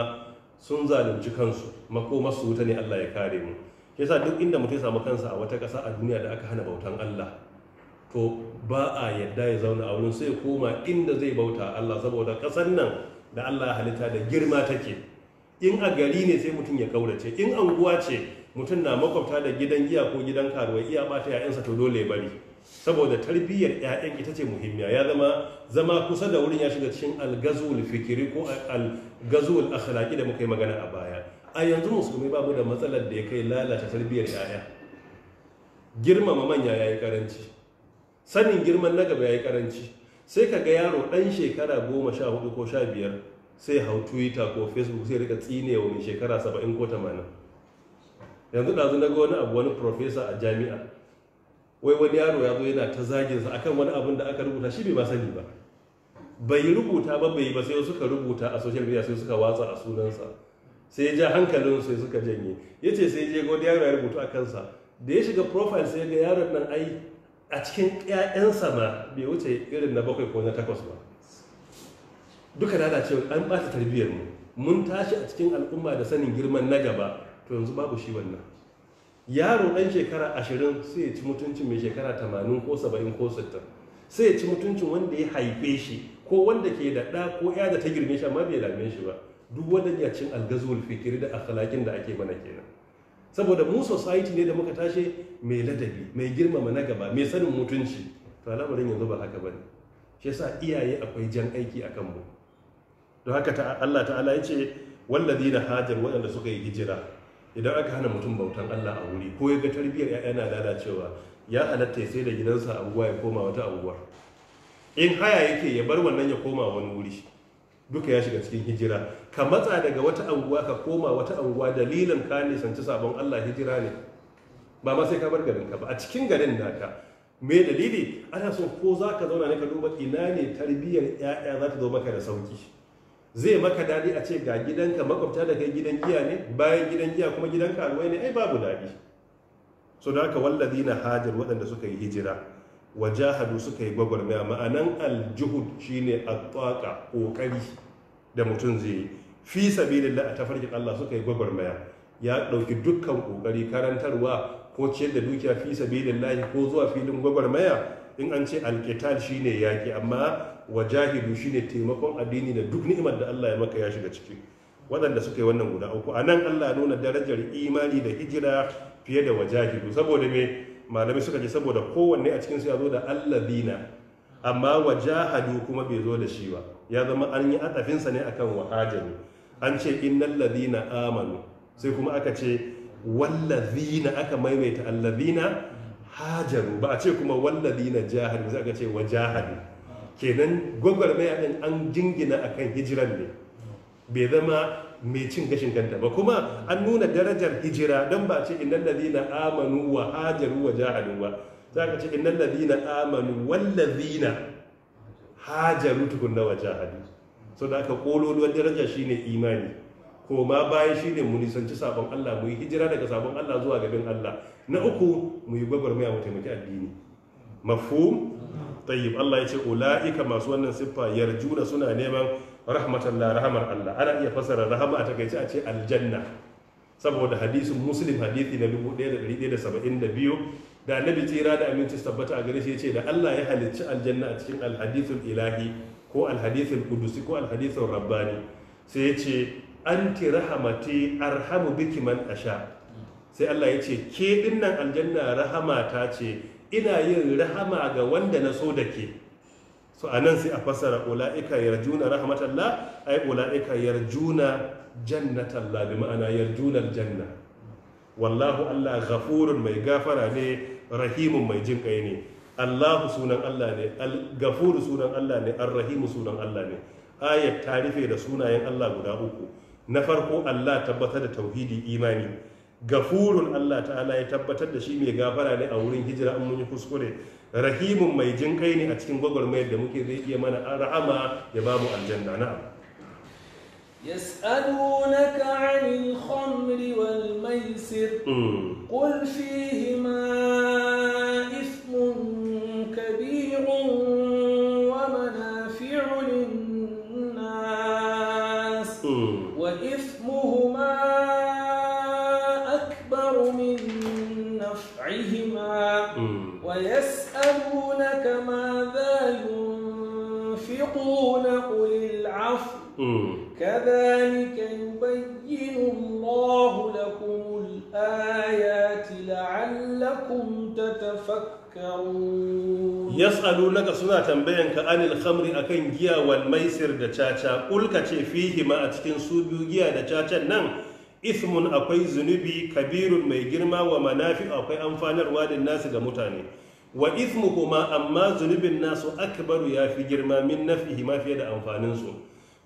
sun zalunci kansu makoma su wuta ne Allah ya kare mu yasa duk inda mutum ya samu kansa a wata ƙasa a duniya da aka hana bautan Allah to ba a yadda ya zauna a wurin sai ya koma inda zai bauta Allah saboda ƙasar nan da Allah ya halitta da girma take in a gari ne sai mutum ya kaurace in anguwa ce mutum na makwabta da gidan giya ko gidan karuwai iya bata ya'yansa to dole ya bari saboda tarbiyyar ya'yan ita ce muhimmiya ya zama zama kusa da wurin ya shiga cikin algazul fikiri ko algazul akhlaqi da muka yi magana a baya a yanzu musulmi babu da matsalar da ya kai lalata tarbiyyar ya'ya girmama manya yayi karanci sanin girman na gaba yayi karanci sai ka ga yaro dan shekara goma sha hudu ko sha biyar sai hau twitter ko facebook sai rika tsine wa mai shekara 70 ko 80 yanzu ɗazu na ga wani abu wani professor a jami'a wai wani yaro ya zo yana ta zagin sa akan wani abun da aka rubuta shi bai ba sani ba bai rubuta ba bai ba sai suka rubuta a social media sai suka watsa a sunansa sai ya ja hankalin sai suka janye Ya ce sai je ga yaro ya rubuta a kansa da ya shiga profile sai ga yaron nan ai a cikin 'ya'yansa ma bai wuce irin na bakwai ko na takwas ba duka lalacewa an ɓata tarbiyyar mu mun tashi a cikin al'umma da sanin girman na gaba to yanzu babu shi wannan yaro ɗan shekara ashirin sai ya ci mutuncin mai shekara tamanin ko saba'in ko sittin sai ya ci mutuncin wanda ya haife shi ko wanda ke da ɗa ko ya da ta girme shi amma bai lame shi ba duk wanda ya cin algazul fikiri da akhlakin da ake mana kenan saboda mu society ne da muka tashi mai ladabi mai girmama na gaba mai sanin mutunci to al'amarin yanzu ba haka bane shi yasa iyaye akwai jan aiki akan mu don haka Allah ta'ala ya ce wallazi na hajar waɗanda suka yi hijira idan aka hana mutum bautan Allah a wuri ko ya ga tarbiyyar ‘ya'ya na lalacewa ya halatta ya sai da gidansa abubuwa ya koma wata abubuwar in haya yake ya bar wannan ya koma wani wuri duka ya shiga cikin hijira ka matsa daga wata anguwa ka koma wata anguwa dalilin ka sanci sabon Allah hijira ne ba ma sai ka bar garin ka ba a cikin garin naka me dalili ana so ko za ka zauna ne ka duba ina ne tarbiyyar ‘ya'ya za ta zo maka da sauki zai maka daɗi a ce ga gidanka makwabta da kai gidan giya ne bayan gidan giya kuma gidan karuwai ne ai babu daɗi so da haka wallazi na hajar waɗanda suka yi hijira wa jahadu suka yi gwagwarmaya ma'anan aljuhud shine attaqa kokari da mutum zai yi fi sabilillah a tafarkin Allah suka yi gwagwarmaya ya ɗauki dukkan kokari karantarwa ko ciyar da dukiya fi sabilillah ko zuwa filin gwagwarmaya in an ce alqital shine yaki amma wa shine taimakon addini da duk ni'imar da Allah ya maka ya shiga ciki waɗanda suka yi wannan guda uku a nan Allah nuna darajar imani da hijira fiye da wajahidu saboda me malami suka ce saboda kowanne a cikin su ya zo da alladina amma wajahadu kuma bai zo da shi ba ya zama an yi atafinsa ne akan wahajaru an ce innal ladina amanu sai kuma aka ce wallazina aka maimaita alladina hajaru ba a ce kuma wallazina jahadu sai aka ce wajahadu kenan gwagwarmaya din an jingina akan hijiran ne bai zama mai cin gashin kanta ba kuma an nuna darajar hijira don ba ce da ladina amanu wa hajaru wa jahadu ba za ka ce da ladina amanu wallazina hajaru tukunna wa jahadu so da aka kololuwar daraja ne imani ko ma bayan ne mu nisanci sabon Allah mu yi hijira daga sabon Allah zuwa gabin Allah na uku mu yi gwagwarmaya mu taimaki addini mafhum tayyib Allah ya ce ula'ika masu wannan siffa yarjuna suna neman rahmatallah rahamar Allah ana iya fasara rahama a takaice a ce aljanna saboda hadisin muslim hadisi na 1172 da annabi tsira da aminci tabbata a gare shi yace da Allah ya halicci aljanna a cikin alhadithul ilahi ko alhadithul qudusi ko alhadithul rabbani sai yace anti rahamati arhamu biki man asha sai Allah ya ce ke dinnan aljanna rahama ta ce ina yin rahama ga wanda na so da ke so a nan sai a fasara ula'ika juna rahmatallah ai ula'ika yarjuna jannatallah bi ma'ana junar janna. wallahu allah ghafurun mai gafara ne rahimun mai jin kai ne allahu sunan allah ne al sunan allah ne rahimu sunan allah ne ayat ta rufe da sunayen allah guda uku na farko allah tabbatar da tauhidi imani gafurun Allah ta'ala ya tabbatar da shi mai gafara ne a wurin hijira an yi kuskure rahimun mai jin kai ne a cikin gwagwarmayar da muke zai iya mana rahama ya ba mu aljanna na'am يسألونك عن الخمر والميسر قل yasalu laka suna tambayan ka an ilhamri a kan giya wa maisir da caca ulka ce fihi ma a cikin su biyu giya da caca nan ismun akwai zunubi Kabiru mai girma wa manafi akwai amfanarwa din nasu ga mutane wa ismu kuma amma zunubin nasu akabaru ya fi girma min nafi hima fiye da amfaninsu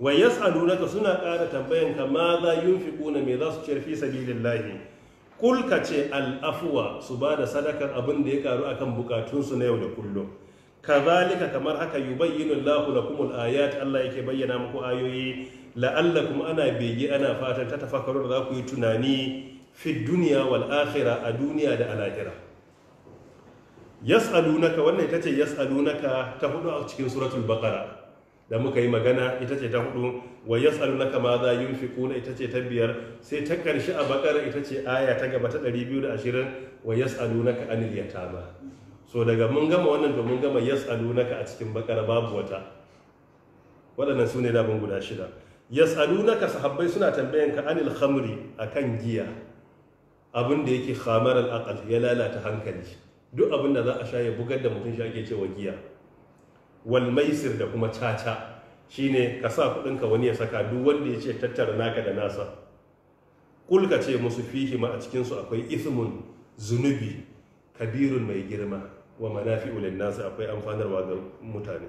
Wai wa yas'alunaka suna ƙara tambayan ka ma za yunfiquna me za su ciyar fi sabilillahi kul ka ce al'afuwa su ba da sadakar abin da ya karu kan bukatunsu na yau da kullum kazalika kamar haka yubayyinu Allahu lakum al-ayat Allah yake bayyana muku ayoyi la'allakum ana bege ana fatan ta tafakkaru da za ku yi tunani fi dunya wal akhirah a duniya da alakhira yas'alunaka wannan ita ce yas'alunaka ta hudu a cikin suratul baqara da muka yi magana ita ce ta hudu wa na ma za yi yunfiquna ita ce ta biyar sai ta karshe a bakar ita ce aya ta gaba ta 220 wa yas'alunaka anil yatama so daga mun gama wannan to mun gama yas'alunaka a cikin bakar babu wata waɗannan su ne daban guda shida yas'alunaka sahabbai suna tambayan ka anil khamri akan giya abin da yake khamar al ya lalata hankali duk abin da za a sha ya bugar da mutum shi ake cewa giya Walmaisir da kuma caca shine ka sa kudinka wani ya saka duk wanda ya ce tattara naka da nasa kul ce musu fihi ma a cikin su akwai ismun zunubi kabirun mai girma wa manafi'u lin nasa akwai amfanarwa ga mutane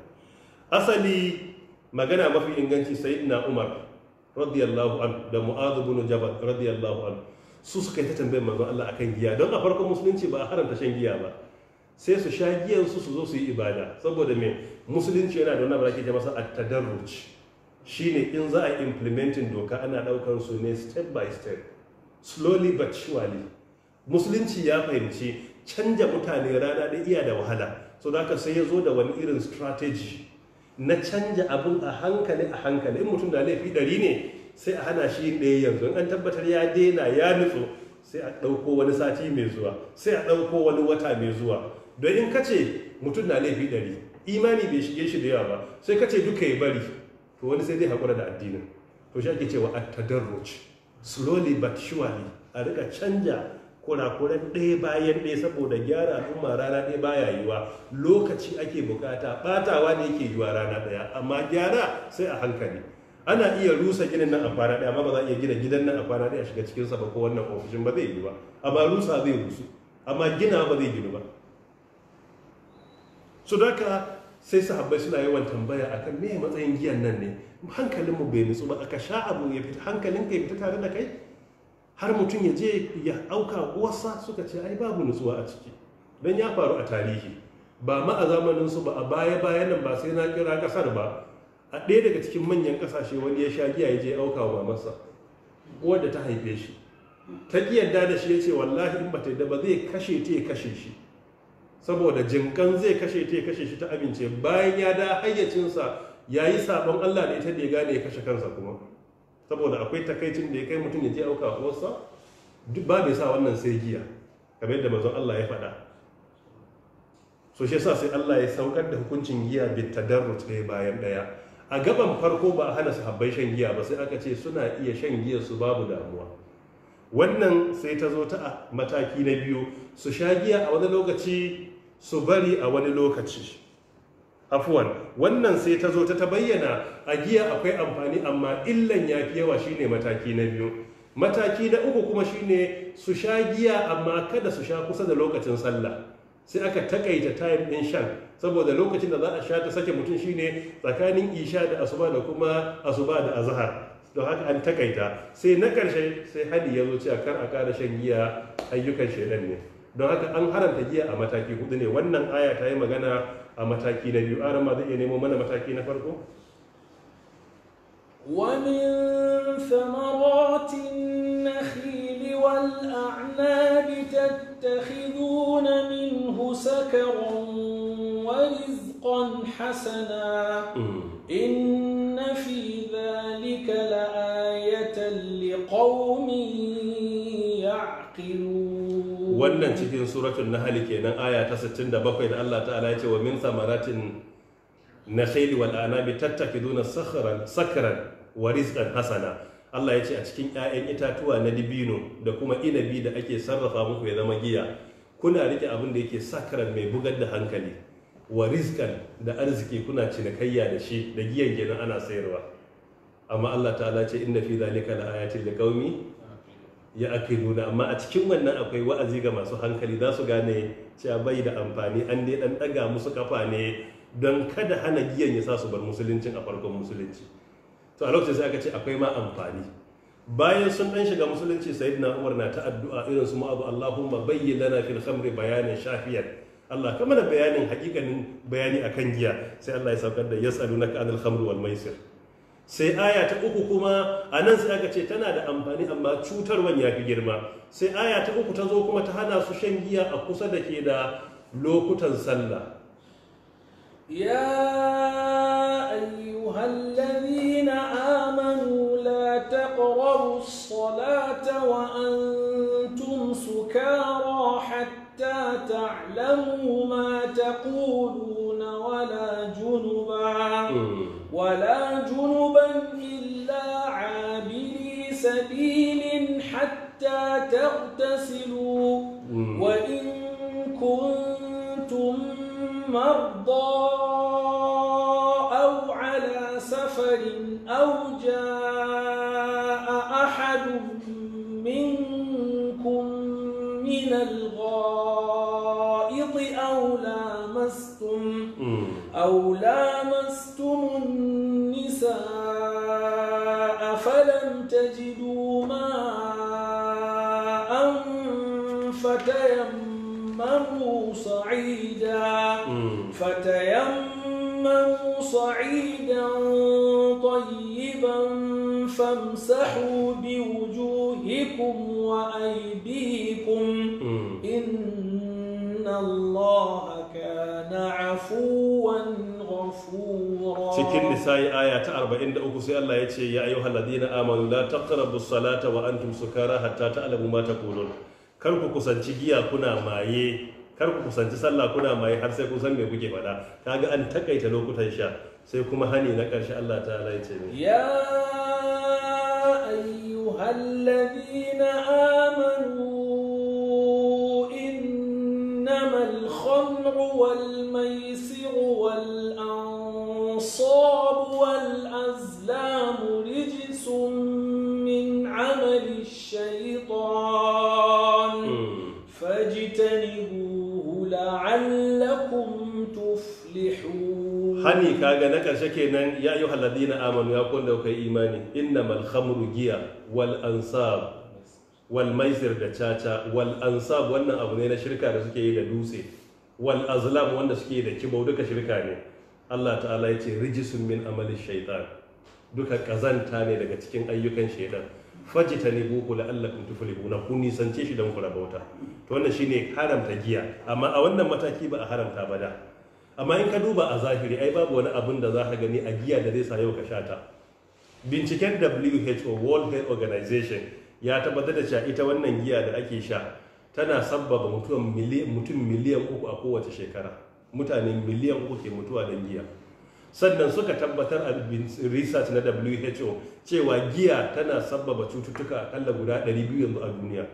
asali magana mafi inganci sayyidina umar radiyallahu an da mu'adh ibn jabal radiyallahu an su suka yi ta tambayar manzon Allah akan giya don a farkon musulunci ba a haramta shan giya ba sai su sha giyan su zo su yi ibada saboda mai musulunci yana da wani abu da masa at-tadarruj shine in za a implementing doka ana daukar su ne step by step slowly but surely musulunci ya fahimci canja mutane rana da iya da wahala so da sai ya zo da wani irin strategy na canja abun a hankali a hankali in mutum da laifi ɗari ne sai a hana shi yin ɗaya yanzu an tabbatar ya daina ya nutsu sai a ɗauko wani sati mai zuwa sai a ɗauko wani wata mai zuwa don in kace mutum na laifi ɗari imani bai shige shi da yawa ba sai kace duka ya bari to wani sai zai haƙura da addinin to shi ake cewa a tadarruj slowly but surely a rika canja kurakuran ɗaya bayan ɗaya saboda gyara al'umma rana ɗaya baya yiwa lokaci ake bukata batawa ne yake yiwa rana ɗaya amma gyara sai a hankali ana iya rusa ginin nan a kwana ɗaya amma ba za a iya gina gidan nan a kwana ɗaya shiga sa ba ko wannan ofishin ba zai yi ba amma rusa zai rusu amma gina ba zai ginu ba so ka sai sahabbai suna yawan tambaya akan me matsayin giyan nan ne hankalinmu bai nutsu ba aka sha abu ya fita hankalin ka ya fita tare da kai har mutum ya je ya auka wasa suka ce ai babu nutsuwa a ciki Dan ya faru a tarihi ba ma a zamaninsu ba a baya bayan nan ba sai na kira kasar ba a ɗaya daga cikin manyan ƙasashe wani ya sha giya ya je auka wa mamarsa wadda ta haife shi ta ƙi yarda da shi ya ce wallahi in ba ta yadda ba zai kashe ta ya kashe shi saboda jinkan zai kashe ta ya kashe shi ta amince bayan ya da hayyacinsa ya yi sabon Allah da ita da ya gane ya kashe kansa kuma saboda akwai takaicin da ya kai mutum ya je auka uwarsa duk ba bai sa wannan sai giya kamar yadda manzon Allah ya faɗa so shi yasa sai Allah ya saukar da hukuncin giya bi tadarruj ɗaya bayan ɗaya a gaban farko ba a hana sahabbai shan giya ba sai aka ce suna iya shan giya su babu damuwa wannan sai ta zo ta mataki na biyu su sha giya a wani lokaci su bari a wani lokaci afuwan wannan sai ta zo ta bayyana a giya akwai amfani amma illan ya fi yawa shine mataki na biyu mataki na uku kuma shine su sha giya amma kada su sha kusa da lokacin sallah sai aka takaita time din shan saboda lokacin da za a sha ta sake mutum shine tsakanin isha da asuba da kuma asuba da azhar don haka an takaita sai na ƙarshe sai hadi ya zo ce a kar a ƙara shan giya ayyukan shaidan ne don haka an haranta giya a mataki hudu ne wannan aya ta yi magana a mataki na biyu arama zai iya nemo mana mataki na farko ومن ثمرات النخيل والأعناب تتخذون منه سكرا ورزقا حسنا إن ربك لآية لقوم يعقلون wannan cikin suratul nahl kenan aya ta 67 da Allah ta'ala ya ce wa min na nakhil wal anabi tattakiduna sakhran sakran wa rizqan hasana Allah ya ce a cikin 'ya'yan itatuwa na dibino da kuma inabi da ake sarrafa muku ya zama giya kuna rike abin da yake sakran mai bugar da hankali wa rizqan da arziki kuna cinikayya da shi da giyan kenan ana sayarwa amma Allah ta'ala ce inna fi zalika laayatin liqaumi ya'qiluna amma a cikin wannan akwai wa'azi ga masu hankali za su gane cewa bai da amfani an dai dan daga musu kafa ne don kada hana giyan ya sa su bar musuluncin a farkon musulunci to a lokacin sai aka ce akwai ma amfani bayan sun dan shiga musulunci sayyidina Umar na ta addu'a irin su mu'abu Allahumma bayyin lana fil khamri bayanan shafiyan Allah kamar bayanin hakikanin bayani akan giya sai Allah ya saukar da yas'alunaka anil khamri wal maisir sai aya ta uku kuma a nan sai aka ce tana da amfani amma cutarwan ya fi girma sai aya ta uku ta zo kuma ta hana su shan giya a kusa da ke da lokutan sallah ya na amanu la taqrabu as-salata wa antum sukara hatta ta'lamu ma taquluna wala junuba hmm. wala nisa'i aya ta 43 sai Allah ya ce ya ayyuhal ladina amanu la taqrabus salata wa antum sukara hatta ta'lamu ma taqulun kar ku kusanci giya kuna maye kar ku kusanci sallah kuna maye har sai kun san me kuke faɗa kaga an takaita lokutan sha sai kuma hani na ƙarshe Allah ta'ala ya ce ya ayyuhal ladina amanu innamal khamru wal maisiru wal الأنصاب والأزلام رجس من عمل الشيطان فاجتنبوه لعلكم تفلحون hani kaga na karshe kenan ya ayyuhal ladina amanu ya kun kai imani innamal khamru giya wal ansab wal maisir da caca wal ansab wannan abu ne na shirka da suke yi da dutse wal azlam wanda suke yi da kibau duka shirka ne Allah ta'ala ya ce rijisun min amali shaitan duka kazanta ne daga cikin ayyukan shaitan fajita ne buku la'allakum na kun nisance shi don kula bauta to wannan ne haramta giya amma a wannan mataki ba a haramta ba da amma in ka duba a zahiri ai babu wani abin da za ka gani a giya da zai sa yau ka sha ta binciken WHO World Health Organization ya tabbatar da cewa ita wannan giya da ake sha tana sabbaba mutum miliyan uku a kowace shekara mutane miliyan uku ke mutuwa don giya sannan suka tabbatar a research na who cewa giya tana sabbaba cututtuka akalla guda 200 yanzu a duniya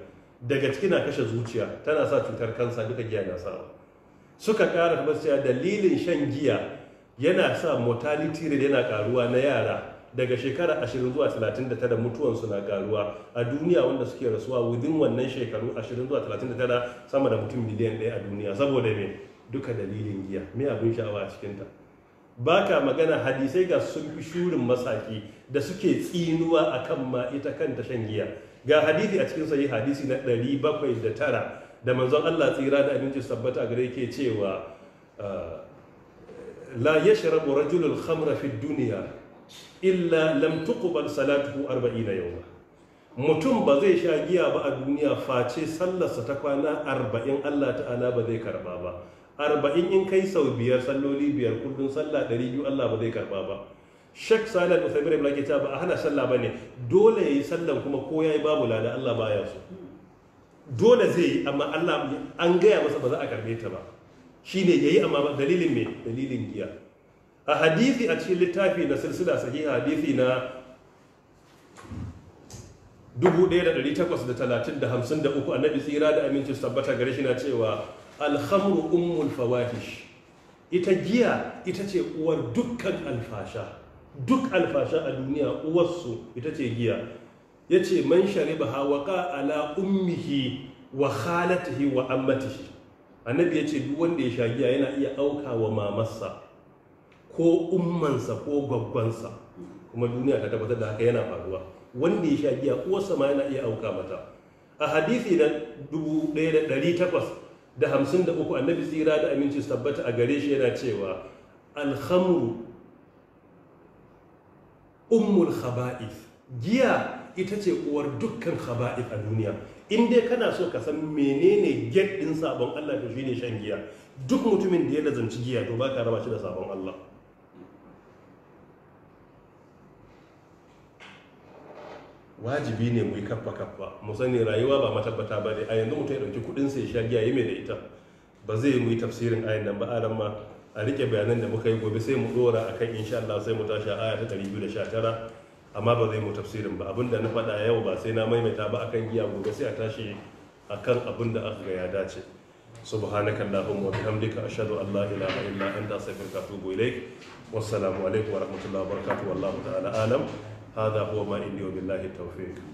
daga ciki na kashe zuciya tana sa cutar kansa duka giya na sawa suka kara tabbas cewa dalilin shan giya yana sa mortality rate yana karuwa na yara daga shekara 20 zuwa 39 mutuwansu na karuwa a duniya wanda suke rasuwa within wannan shekaru 20 zuwa 39 sama da mutum miliyan ɗaya a duniya saboda me duka dalilin giya me abin sha'awa a cikinta ba ka magana hadisai ga sun fi shurin masaki da suke tsinuwa a kan ma ita kanta shan giya ga hadisi a cikin sahih hadisi na 709 da manzon Allah tsira da abinci sabbata a gare ke cewa ah, la yashrabu rajulul khamra fid duniya. illa lam tuqbal salatuhu 40 yawma mutum ba zai sha giya ba a duniya face sallarsa ta kwana 40 Allah ta'ala ba zai karba ba arba'in in kai sau biyar salloli biyar kullum sallah ɗari biyu Allah ba zai karɓa ba shek salih al-usaimir ibn ta ba a hana sallah ba ne dole ya yi sallan kuma ko ya yi babu lada Allah ya so dole zai yi amma Allah an gaya masa ba za a karɓe ta ba Shi ne ya yi amma dalilin me dalilin giya a hadisi a cikin littafi na silsila sahiha hadisi na 1853 annabi tsira da aminci tabbata gare shi na cewa alhamru ummul fawahish ita giya ita ce uwar dukkan alfasha duk alfasha a duniya uwarsu ita ce giya ya ce man shariba hawaka ala ummihi wa khalatihi wa ammatihi annabi ya ce duk wanda ya sha giya yana iya auka wa mamarsa ko ummansa ko gwaggwansa kuma duniya ta tabbatar da haka yana faruwa wanda ya sha giya uwarsa ma yana iya auka mata a hadisi na 1800 da hamsin da uku annabi tsira da aminci su tabbata a gare shi yana cewa alhamru ummul khaba'if giya ita ce uwar dukkan khaba'if a duniya in dai kana so ka san menene get din sabon Allah shi ne shan giya duk mutumin da ya lazanci giya to ka raba shi da sabon Allah wajibi ne mu yi kaffa kaffa mu sani rayuwa ba matabbata ba ne a yanzu mutum ya ɗauki kuɗin sai sha giya yi mai da ita ba zai mu yi tafsirin ayan nan ba a ma a rike bayanan da muka yi gobe sai mu dora akan insha Allah sai mu tashi aya ta tara. amma ba zai mu tafsirin ba abinda na faɗa yau ba sai na maimaita ba akan giya gobe sai a tashi akan abin da aka ga ya dace subhanaka allahumma wa bihamdika ashhadu an la ilaha illa anta astaghfiruka wa atubu wassalamu alaikum wa rahmatullahi ta'ala alam هذا هو ما عندي وبالله التوفيق